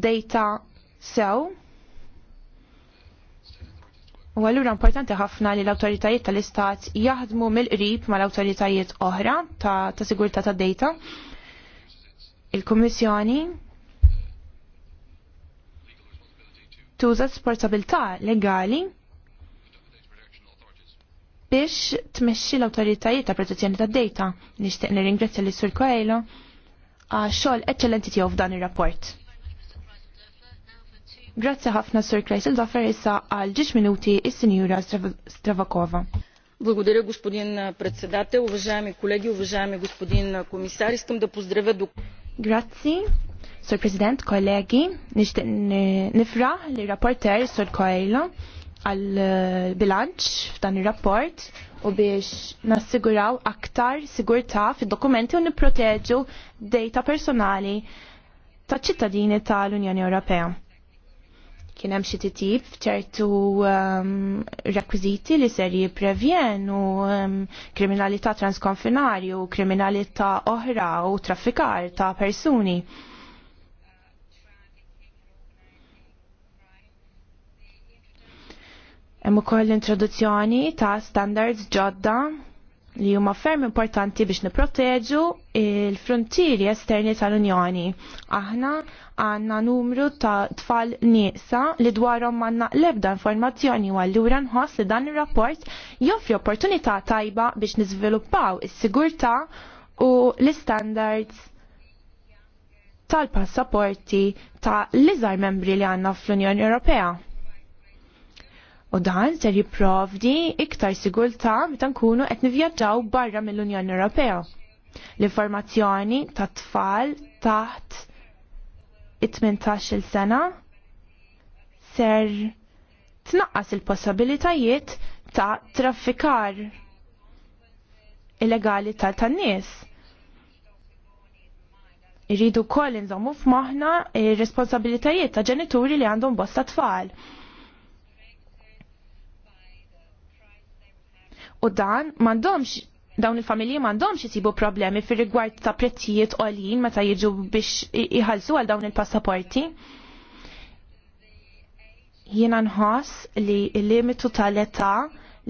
data sew U għallura importanti ħafna li l-autoritajiet tal-istat jaħdmu mill-qrib ma l-autoritajiet oħra ta', ta sigurtà ta' data. Il-Kommissjoni tuża sportabilità legali biex tmexxi l-autoritajiet ta' protezzjoni ta' data. Nixtieq nirringrazzja lis sur Coelho għax xogħol eċċellenti tiegħu f'dan ir-rapport. Grazzi ħafna Sur il Doffer issa għal ġiex minuti is-Sinjura Stravakova. Благодаря, господин председател, уважаеми колеги, уважаеми господин комисар. Искам да поздравя до... Грации, Sir President, kollegi, nishtiq nifra li rapporter Sir Coelho għal bilanċ f'dan ir-rapport u biex nassiguraw aktar sigurtà fid-dokumenti u nipproteġu data personali ta' ċittadini tal-Unjoni Ewropea. Kien hemm xi titjib f'ċertu um, rekwiżiti li ser jipprevjenu um, kriminalità transkonfinarju, kriminalità oħra u traffikar ta' persuni. Hemm ukoll l-introduzzjoni ta' standards ġodda li huma ferm importanti biex nipproteġu il-frontieri esterni tal-Unjoni. Aħna għandna numru ta' tfal nieqsa li dwarhom għandna l-ebda informazzjoni u allura nħoss li dan ir-rapport joffri opportunità tajba biex niżviluppaw is-sigurtà u l-standards tal-passaporti ta' l-iżgħar membri li għandna fl-Unjoni Ewropea. U dan ser jipprovdi iktar sigurta meta nkunu qed nivvjaġġaw barra mill-Unjoni Ewropea. L-informazzjoni ta' tfal taħt 18-il sena ser tnaqqas il-possibilitajiet ta' traffikar illegali tal tan-nies. Irridu koll inżommu f'maħna ir-responsabilitajiet ta' ġenituri li għandhom bosta tfal. U dan mandomx dawn il-familji mandomx jisibu problemi fir rigward ta' prezzijiet għalin meta jiġu biex iħalsu għal dawn il-passaporti. Jiena nħoss li l-limitu tal-età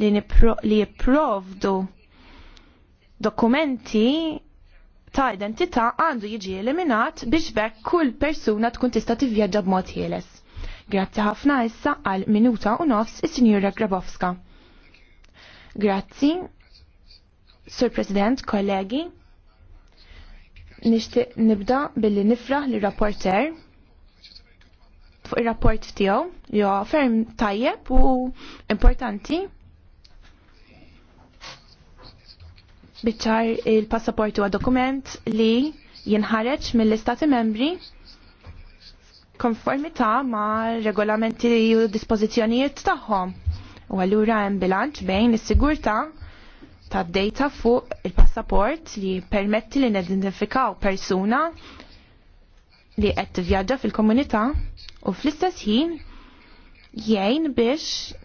li, li jipprovdu dokumenti ta' identità għandu jiġi eliminat biex bekk kull persuna tkun tista' tivvjaġġa b'mod ħieles. Grazzi ħafna issa għal minuta u nofs is-Sinjura Grabowska. Grazzi, Sur President, kollegi, nishti nibda billi nifraħ li rapporter fuq il-rapport tiegħu jo ferm tajjeb u importanti biċċar il-passaport huwa dokument li jinħareġ mill-Istati membri konformità ma' regolamenti u dispożizzjonijiet tagħhom. U għallura hemm bilanċ bejn is-sigurtà ta' data fuq il-passaport li permetti li nidentifikaw persuna li qed tivvjaġġa fil-komunità u fl-istess ħin jgħin biex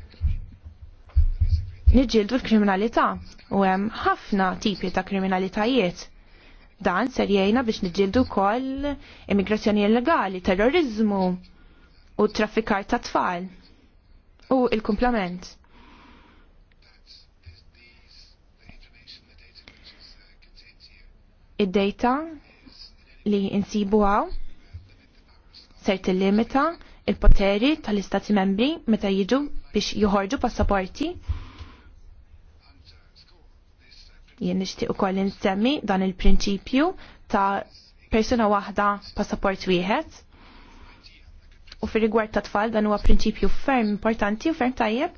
niġġieldu l-kriminalità u hemm ħafna tipi ta' kriminalitajiet. Dan ser jgħinna biex niġġieldu wkoll immigrazzjoni illegali, terrorizmu u traffikar ta' tfal u il-kumplament. id-data li insibuha ser tillimita il-poteri tal-istati membri meta jiġu biex joħorġu passaporti. Jien nixtieq ukoll insemmi dan il-prinċipju ta' persuna waħda passaport wieħed. U fir rigward ta' tfal dan huwa prinċipju ferm importanti u ferm tajjeb.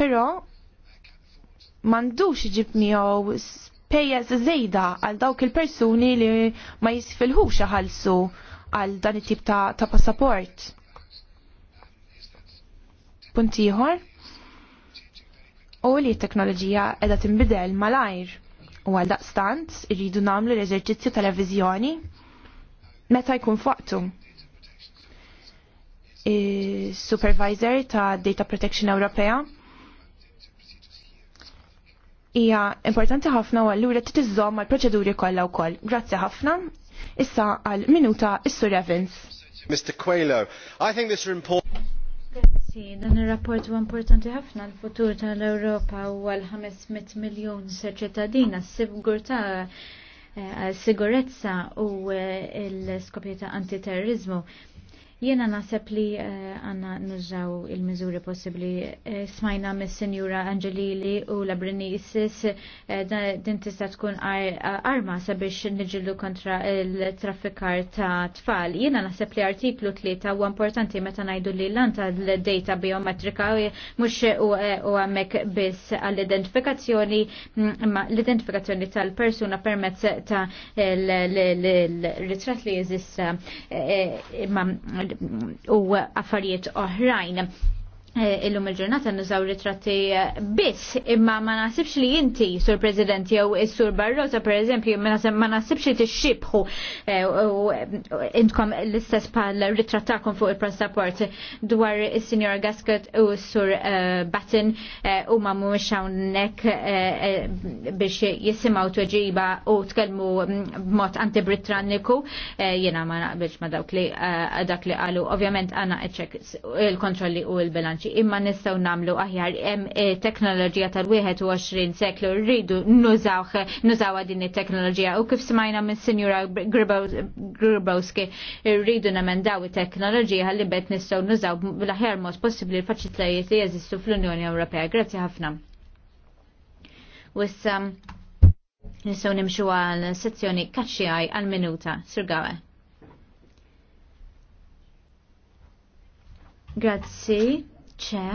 Però mandux iġib miegħu spejjeż żejda għal dawk il-persuni li ma jisfilħux ħalsu għal dan it-tip ta', ta passaport. Punt ieħor. U li t-teknoloġija qiegħda tinbidel malajr u għal daqstant irridu nagħmlu l-eżerċizzju televiżjoni meta jkun fuqtu. Supervisor ta' Data Protection Ewropea hija importanti ħafna u allura titizzom għal proċeduri kollha wkoll. Grazzi ħafna. Issa għal minuta is-Sur Evans. Mr. Coelho, I think this is important. Grazzi, dan il-rapport huwa importanti ħafna l-futur tal-Ewropa u għal-500 miljon seċetadina s-sigurta eh, sigurezza u eh, l-skopjeta antiterrorizmu. Jena nasab li għanna nużaw il-mizuri possibli smajna mis senjura Angelili u Labrini Isis din tista' tkun arma sabiex niġillu kontra il-traffikar ta' tfal. Jena nasab li artiklu tlieta u importanti meta najdu li l-anta l-data biometrika u għamek bis għall-identifikazzjoni l-identifikazzjoni tal-persuna permezz ta' l-ritrat li jizissa ma u affarijiet oħrajn. Eh, illum il-ġurnata nużaw ritratti eh, biss, imma ma nasibx li inti, sur President, jew sur Barroza, per eżempju, ma nasibx li t-xibħu eh, intkom l-istess pal ritrattakom fuq il-passaport dwar il-Signor Gasket u sur Batten u ma mux hawnhekk biex jisimaw tweġiba u tkellmu mm, b'mod anti britranniku jiena ma naqbilx ma dawk li dak li qalu, ovvjament għana il-kontrolli u l-bilanċ efikaċi imma nistgħu nagħmlu aħjar hemm eh, teknoloġija tal-21 seklu rridu nużawh nużawha din it-teknoloġija u kif smajna minn Sinjura Gribowski rridu daw it-teknoloġija ħalli bet nistgħu nużaw bl-aħjar mod possibbli l-faċilitajiet li jeżistu fl-Unjoni Ewropea. Grazzi ħafna. Wissa Nisaw nimxu għal sezzjoni kaċċi għaj għal minuta, Sir Gawe. Grazzi ċe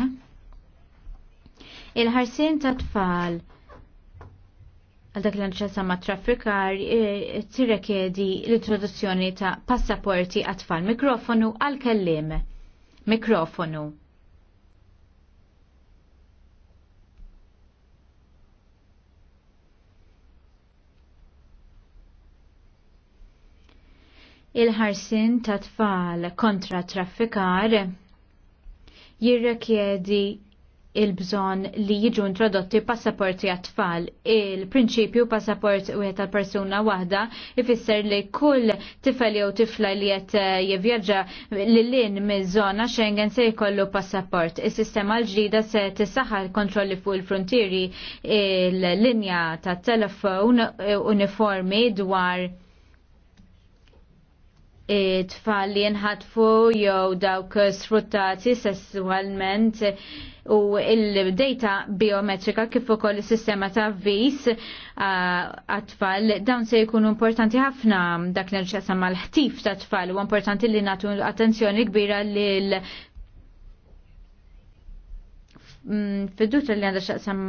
il-ħarsin ta' tfal għal dak l-anċessa ma' traffikar e, tirrekedi l-introduzzjoni ta' passaporti għat-tfal. Mikrofonu għal kellim. Mikrofonu. il-ħarsin ta' tfal kontra traffikar jirrekjedi il-bżon li jiġu introdotti passaporti għat-tfal. Il-prinċipju passaport u għet persuna wahda ifisser li kull tifel jew tifla li għet eh, jivjaġġa l-lin mill-zona Schengen se jkollu passaport. Il-sistema l-ġdida se tisaħħal kontrolli fuq il-frontieri il-linja ta' telefon uniformi dwar tfal li nħatfu jew dawk sfruttati sessualment u il-data biometrika kif ukoll is-sistema ta' vis għat-tfal dawn se jkunu importanti ħafna dak li nċesam mal-ħtif ta' tfal u importanti li nagħtu attenzjoni kbira lil Mm, fiduċa li għanda xaqsam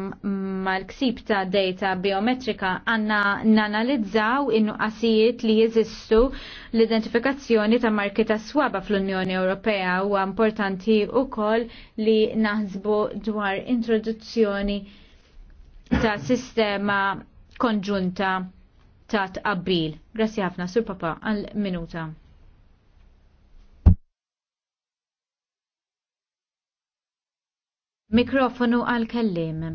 ma l-ksib ta' data biometrika għanna nanalizzaw innu qasijiet li jeżistu l-identifikazzjoni ta' marki ta' swaba fl-Unjoni Ewropea u importanti u koll li naħsbu dwar introduzzjoni ta' sistema konġunta ta' tqabbil. Grazie ħafna, sur papa, għal minuta. Mikrofonu għal-kellim.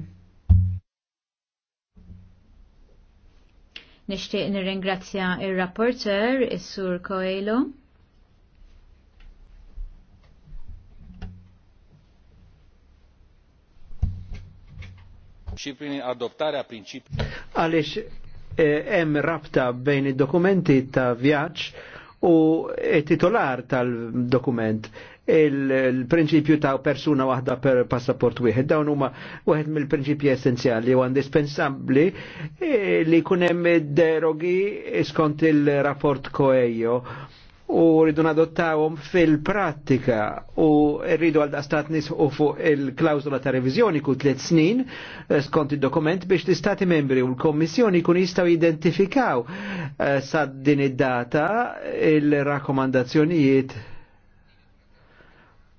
Nishtiq nirringrazzja il-rapporter, il-sur Coelho. și Għalix eh, hemm rabta bejn id-dokumenti ta' vjaġġ u titolar tal-dokument il-prinċipju ta' persuna waħda per passaport wieħed. Dawn huma waħed mill-prinċipji essenzjali u indispensabbli eh, li jkun hemm derogi skont il-rapport Coelho u rridu nadottawhom fil-prattika u rridu għal daqstat u fuq il-klawzula ta' revizjoni kull tliet snin eh, skont id-dokument biex l-istati membri u l-kommissjoni kun jistgħu identifikaw eh, sa' din id-data il-rakkomandazzjonijiet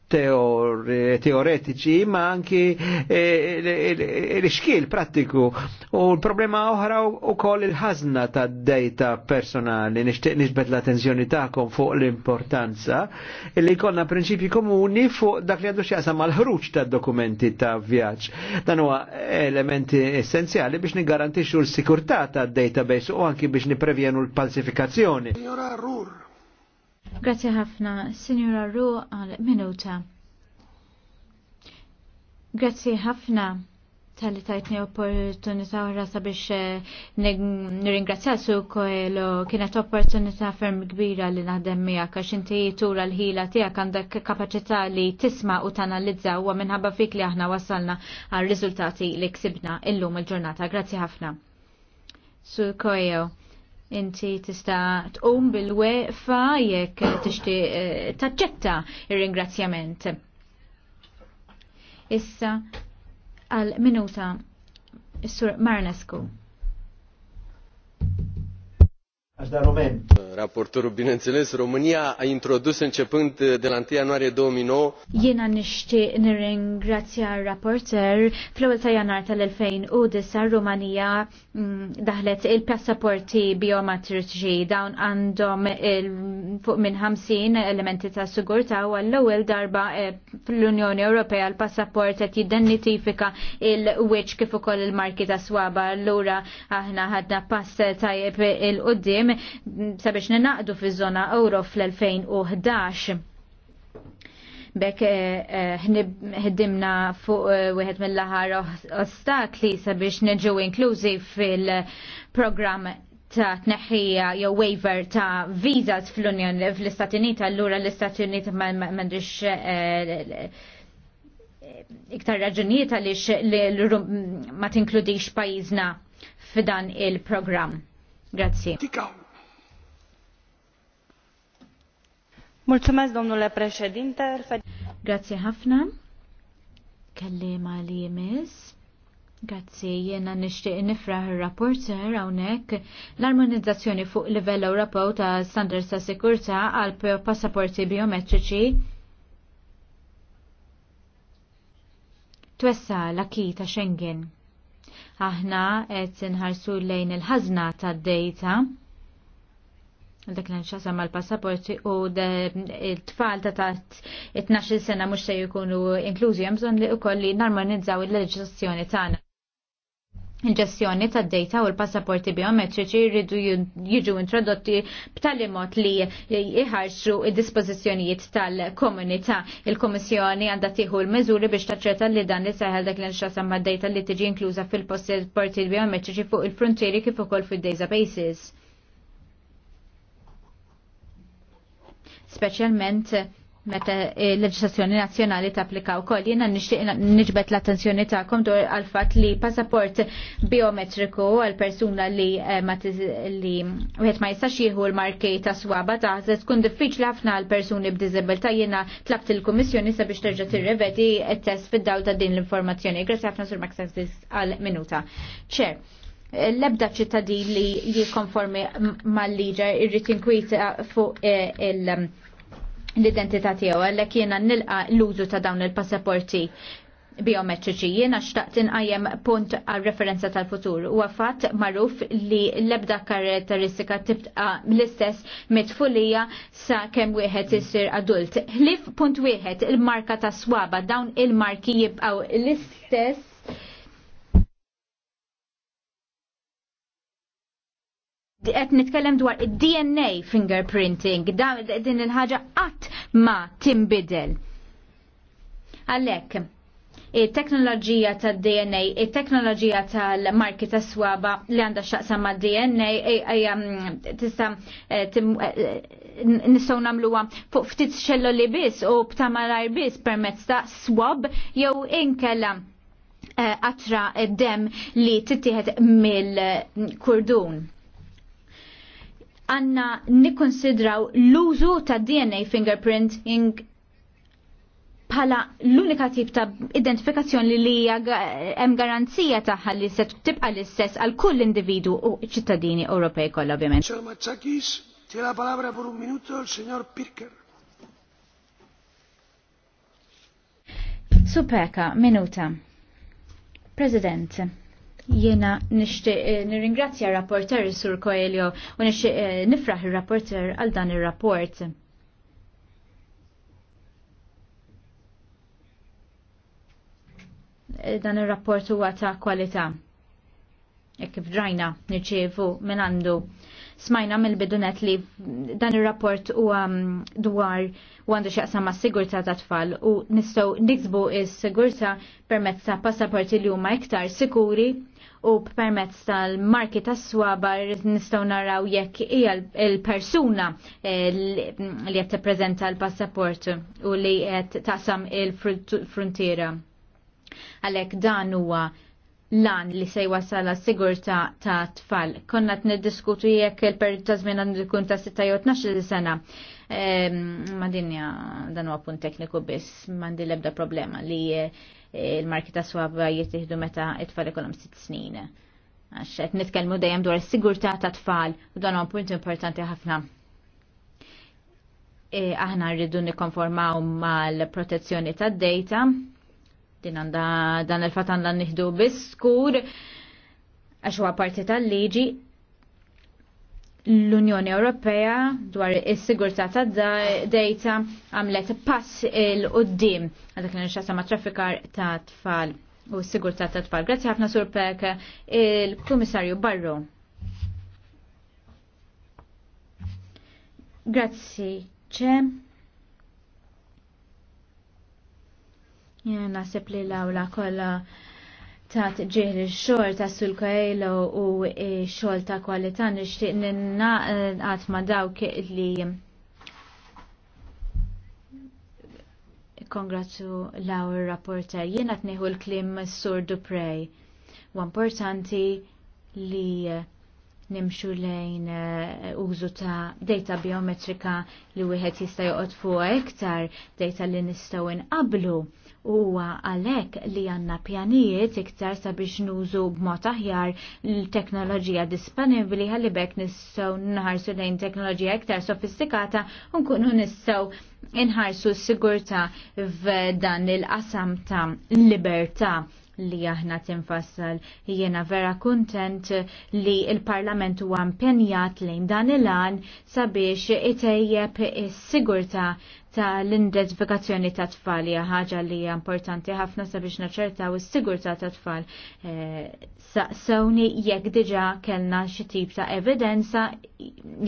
teoretiċi, ma anki e, e, e, l-xkil pratiku. U l-problema oħra u koll il-ħazna ta' data personali, nishtiq nisbet l-attenzjoni ta'kom fuq l-importanza, li konna prinċipi komuni fuq dak li għaddu xjasa mal-ħruċ ta' dokumenti ta' vjaġġ. Dan huwa elementi essenzjali biex nigarantixxu l-sikurtà ta' database u anki biex niprevjenu l-palsifikazzjoni. Grazie ħafna, Signora Ru għal minuta. Grazie ħafna tal-li tajtni opportunità oħra sabiex eh, nir-ingrazzja su koelo kienet opportunità ferm kbira li naħdem miegħek għax inti tura l-ħila tiegħek għandek kapaċità li tisma' u tanalizza huwa minħabba fik li aħna wasalna għal riżultati li ksibna illum il-ġurnata. Grazzi ħafna. Su koeo. Inti tista' tqum bil-weqfa jekk tixtieq eh, taċċetta ir-ringrazzjament. Issa għal minuta is-Sur Marnesku. Raportorul, bineînțeles, România a introdus începând de la 1 ianuarie 2009. Jena nishti nirringrazzja rapporter fl-ewwel ta' jannar tal-2009 Rumanija mm, daħlet il-passaporti biometriċi dawn għandhom fuq minn 50 elementi ta' sigurtà u għall-ewwel darba eh, fl-Unjoni Ewropea l-passaport qed jiddentifika il-wiċċ kif ukoll il-marki ta' swaba. Allura aħna ħadna pass tajjeb il-qudiem qoddim sabiex ninaqdu fiż-żona euro fl-2011 bekk eh, eh, ħdimna fuq eh, wieħed mill-aħħar ostakli sabiex niġu inklużi fil-programm ta' tneħħija jew waiver ta' visas fl-Unjoni fl-Istati Uniti, allura l-Istati Uniti m'għandix iktar raġunijiet għaliex ma tinkludix pajjiżna f'dan il-programm. Grazie. Mulțumesc, domnule președinte. Grazie ħafna. Kellima li jemis. Grazzi, jena nishtiq nifra il-rapporter għawnek l-armonizzazzjoni fuq livell Ewropew ta' standards ta' sikurta għal passaporti biometriċi. Twessa l-akki ta' Schengen aħna qed inħarsu lejn il-ħażna tad-dejta dak li nxasam mal passaporti u il-tfal ta' taħt 12 sena mux se jkunu inklużi, jemżon li u koll li narmonizzaw il-leġislazzjoni tagħna. In-ġestjoni ta' data u l-passaporti biometriċi jridu jiġu introdotti b'tali mod li jħarxu id-dispożizzjonijiet tal-komunità. Il-Komissjoni għandha tieħu l-miżuri biex taċċerta li dan li seħel dak l-inxasam ma' data li tiġi inkluża fil-passaporti biometriċi fuq il-frontieri kif ukoll fil-databases. Specialment meta l-leġislazzjoni eh, nazzjonali tapplika wkoll. Jiena nixtieq niġbet l-attenzjoni ta' dwar għal fatt li passaport biometriku għal persuna li għet eh, wieħed ma jistax jieħu l-marki ta' swaba ta' se tkun diffiċli ħafna għal persuni b'diżabilità jiena tlabt il-Kummissjoni sabiex terġa' tirrevedi t-test fid daw ta' din l-informazzjoni. Grazzi ħafna sur Maxensis għal minuta. Ċer eh, l-ebda ċittadin li jikonformi mal-liġa irrit inkwita fuq il- l-identità tiegħu għalhekk jiena nilqa l-użu ta' dawn il-passaporti biometriċi jiena xtaqt inqajjem punt għal referenza tal-futur u għafat marruf li l-ebda karakteristika tibqa l-istess mitfulija sa kemm wieħed isir adult. Hlif punt wieħed il-marka ta' swaba dawn il-marki jibqaw l-istess qed nitkellem dwar id-DNA fingerprinting, din il-ħaġa qatt ma timbidel. Għalhekk, il-teknoloġija tad-DNA, il-teknoloġija tal-marki ta' swaba li għandha xaqsam ma' DNA, eh, eh, mm, tista' eh, nistgħu nagħmluha fuq ftit xelloli biss u b'tamalar biss permezz ta' swab jew inkella attra dem li tittieħed mill-kurdun għanna nikkonsidraw l-użu ta' DNA fingerprint bħala l-unika tip ta' identifikazzjoni li hija hemm garanzija tagħha li se tibqa' l-istess għal kull individu u ċittadini Ewropej kollha ovvjament. la palabra per un minuto il signor Pirker. Supeka, minuta. President. Jena nishtiq eh, nirringrazzja rapporter Sur Coelho u nishtiq eh, nifraħ il-rapporter għal dan il-rapport. Eh, dan il-rapport huwa ta' kwalità. Jekk f'drajna nirċievu minn għandu smajna mill-bidunet li dan ir-rapport u mm, dwar u għandu xaqsa ma' sigurta ta' tfal u nistaw nixbu is-sigurta permezz ta' passaporti li huma iktar sikuri u permezz tal-marki tas swabar nistaw naraw jekk hija l-persuna eh, li qed tippreżenta l-passaport u li qed taqsam il-frontiera. Għalhekk dan huwa lan li se jwasala sigurta ta' tfal. Konna t-niddiskutu jekk il-periodu ta' zmin għandu jkun ta' 16 sena. E, ma dinja dan huwa punt tekniku biss, mandi lebda problema li eh, il-marki ta' swab jittihdu meta it-tfal ikonom 6 snin. Għaxet, qed nitkellmu dejjem dwar is ta' tfal u dan huwa punt importanti ħafna. Eh, aħna rridu nikkonformaw mal-protezzjoni tad-data Din għanda dan il-fat għanda nihdu biskur għax huwa parti tal-liġi l-Unjoni Ewropea dwar is-sigurtà ta' dejta għamlet pass il-qoddim għadak li nixxasa ma' traffikar ta' tfal u s-sigurtà ta' tfal. Grazzi ħafna sur Pek il-Kummissarju Barro. Grazzi ċe. Jena nasib li l-awla kolla ta' ġeħri xor ta' sulkajlo u xol ta' kwalità nishtiq ninna eh, għatma dawk li kongratu law il-rapporter. Jena tniħu l-klim Sur Duprej. U importanti li nimxu lejn eh, użu ta' data biometrika li wieħed jista' joqgħod fuqha iktar data li nistgħu inqablu huwa għalhekk li għandna pjanijiet iktar sabiex nużu b'mod aħjar l-teknoloġija disponibbli ħalibek bekk nistgħu nħarsu lejn teknoloġija iktar sofistikata u nkunu nistgħu nħarsu s sigurta f'dan il-qasam ta' libertà li aħna tinfassal. Jiena vera kuntent li il-Parlament huwa impenjat lejn dan il-għan sabiex itejjeb is-sigurta ta' l-identifikazzjoni ta' tfal hija ħaġa li hija importanti ħafna sabiex naċertaw is-sigurtà ta' tfal. Eh, Saqsewni jekk diġà kellna xi tip ta' evidenza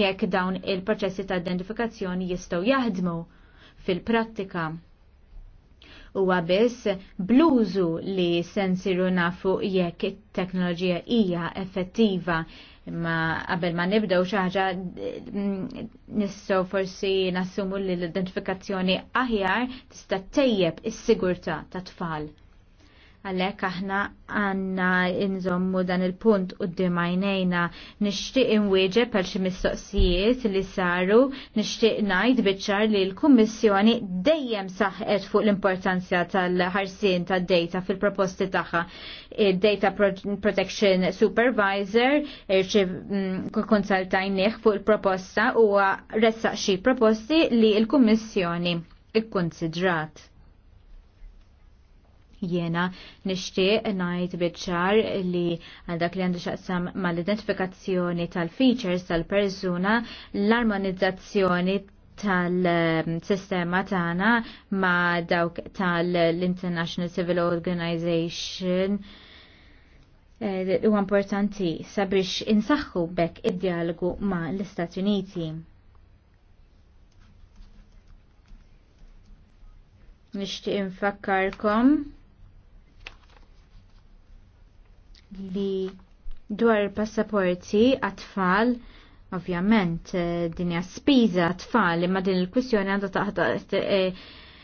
jekk dawn il-proċessi ta' identifikazzjoni jistgħu jaħdmu fil-prattika. Huwa biss bluzu li sensiru nafu jekk it-teknoloġija hija effettiva imma qabel ma nibdew xi ħaġa nistgħu forsi nassumu li l-identifikazzjoni aħjar tista' tejjeb is-sigurtà tat-tfal. Għalek aħna għanna inżommu dan il-punt u d-dimajnejna nishtiq inweġe per xi mistoqsijiet li saru nishtiq najd bieċar li l-Kummissjoni dejjem saħqet fuq l-importanza tal-ħarsien tad data fil-proposti tagħha. Data Protection Supervisor mm, konsaltajnih fuq il-proposta u ressaq xi proposti li l-Kummissjoni ikkonsidrat. Jiena nishtiq najt bieċar li għal dak li għandu xaqsam mal-identifikazzjoni tal-features tal-persuna l-armonizzazzjoni tal-sistema tagħna ma' dawk tal-International Civil Organization eh, u importanti sabiex insaħħu bekk id-dialogu ma' l-Istati Uniti. Nixtieq infakkarkom li dwar il-passaporti għat-tfal ovvjament eh, din hija għatfall, tfal imma din il-kwistjoni għandha taħt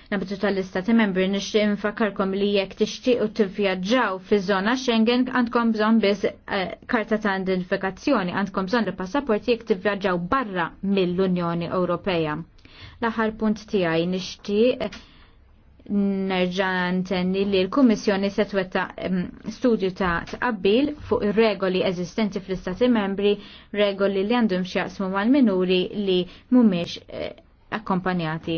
nabdu eh, tal-istati membri nixtieq infakarkom li jekk tixtiequ tivvjaġġaw fiż-żona Schengen għandkom bżonn biss eh, karta ta' identifikazzjoni, għandkom bżonn il-passaporti jekk tivvjaġġaw barra mill-Unjoni Ewropea. L-aħħar punt tiegħi nixtieq nerġa' ntenni li l-Kummissjoni se twetta studju ta' tqabbil fuq ir-regoli eżistenti fl-Istati membri, regoli li għandhom x'jaqsmu mal-minuri li mhumiex e, akkompanjati.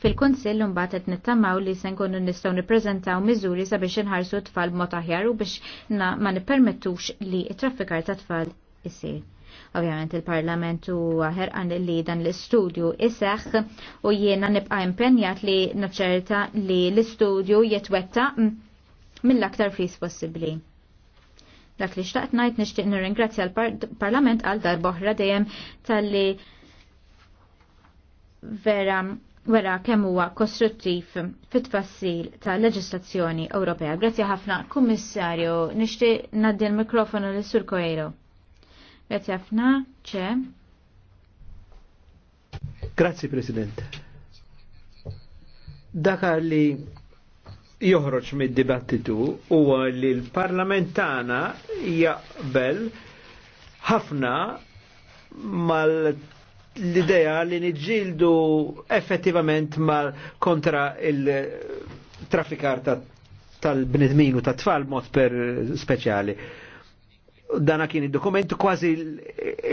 Fil-Kunsill mbagħad qed nittamaw li se nkunu nistgħu nippreżentaw miżuri sabiex inħarsu t-tfal b'mod aħjar u biex ma nippermettux li t traffikar ta' tfal isir. Ovvjament il-Parlament huwa ħerqan li dan l-istudju iseħħ u jiena nibqa' impenjat li naċċerta li l-istudju jitwettaq mill-aktar fis possibbli. Dak li xtaqt ngħid nixtieq nirringrazzja l-Parlament għal darb'oħra dejjem talli vera wera kemm huwa kostruttiv fit-tfassil ta' leġislazzjoni Ewropea. Grazzi ħafna, Kummissarju, nixtieq ngħaddi l-mikrofonu lis Sur Koejro. Grazie ċe. Grazie, President. Dakar li joħroġ mid-dibattitu huwa li l-parlamentana jaqbel ħafna mal l-idea li nġildu effettivament mal kontra il-traffikar tal-bnedmin u tfal mod per speċjali dana kien id dokument kważi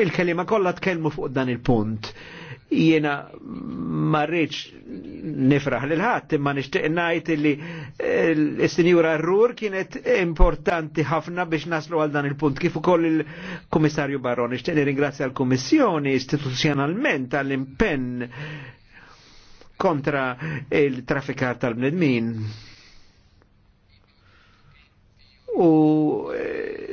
il-kelima kollha tkellmu fuq dan il-punt. Jiena marriċ nifraħ lil ħadd imma nixtieq ngħid li l eh, sinjura Rur kienet importanti ħafna biex naslu għal dan il-punt kif ukoll il-Kummissarju Barron. Nixtieq ringrazja l-Kummissjoni istituzzjonalment għall-impenn kontra il-traffikar tal-bnedmin. U eh,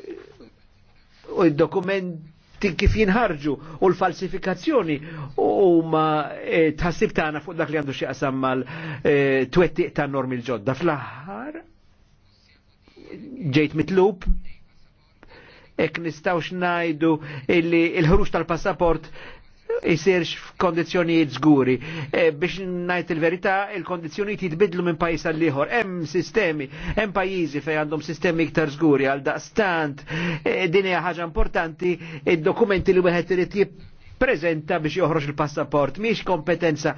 u id-dokumenti kif jinħarġu u l-falsifikazzjoni huma ma eh, tħassib tagħna fuq dak li għandu xi qasam mal-twettiq ta' normi l-ġodda. Fl-aħħar ġejt mitlub ek nistawx najdu il-ħruġ tal-passaport jisirx f'kondizjonijiet żguri. E, biex ngħid il-verità, il-kondizjonijiet jitbidlu minn pajis għal ieħor. Hemm sistemi, hemm pajjiżi fejn għandhom sistemi iktar żguri għal daqstant. E, din hija ħaġa importanti, id-dokumenti li wieħed irid prezenta biex joħroġ il-passaport. Miex kompetenza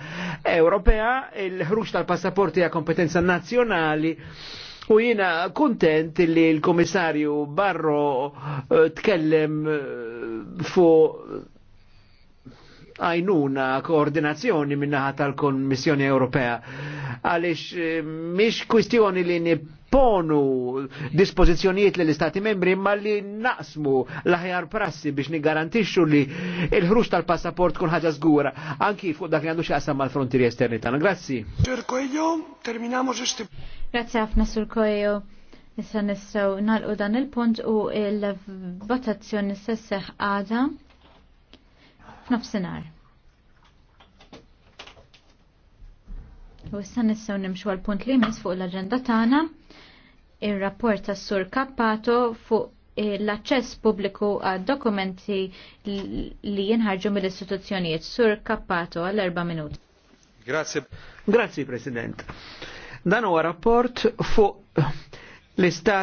Ewropea, il-ħruġ tal-passaport hija kompetenza nazzjonali. U jina kontent li l-komissarju Barro eh, tkellem eh, fu għajnuna koordinazzjoni minnaħat tal-Kommissjoni Ewropea. Għalix eh, miex kwistjoni li nipponu dispozizjonijiet li l-Istati membri ma li naqsmu l prassi biex nigarantixxu li il ħrux tal-passaport kun ħaġa żgura anki fuq dak li għandu xaqsam mal-frontieri esterni tagħna. Grazzi. Sur terminamo ġesti. Grazzi ħafna Sur Koelho. Issa nistgħu nagħlqu dan il-punt u l votazzjoni se seħħ għada. Nofsinar. U issa nistgħu nimxu għall punt li jmiss fuq l-aġenda tagħna ir-rapport tas-Sur Kappato fuq l-aċċess pubbliku għad dokumenti li jinħarġu mill-istituzzjonijiet. Sur Kappato għal erba' minut. Grazie. Grazie President. Dan huwa rapport fuq l-istat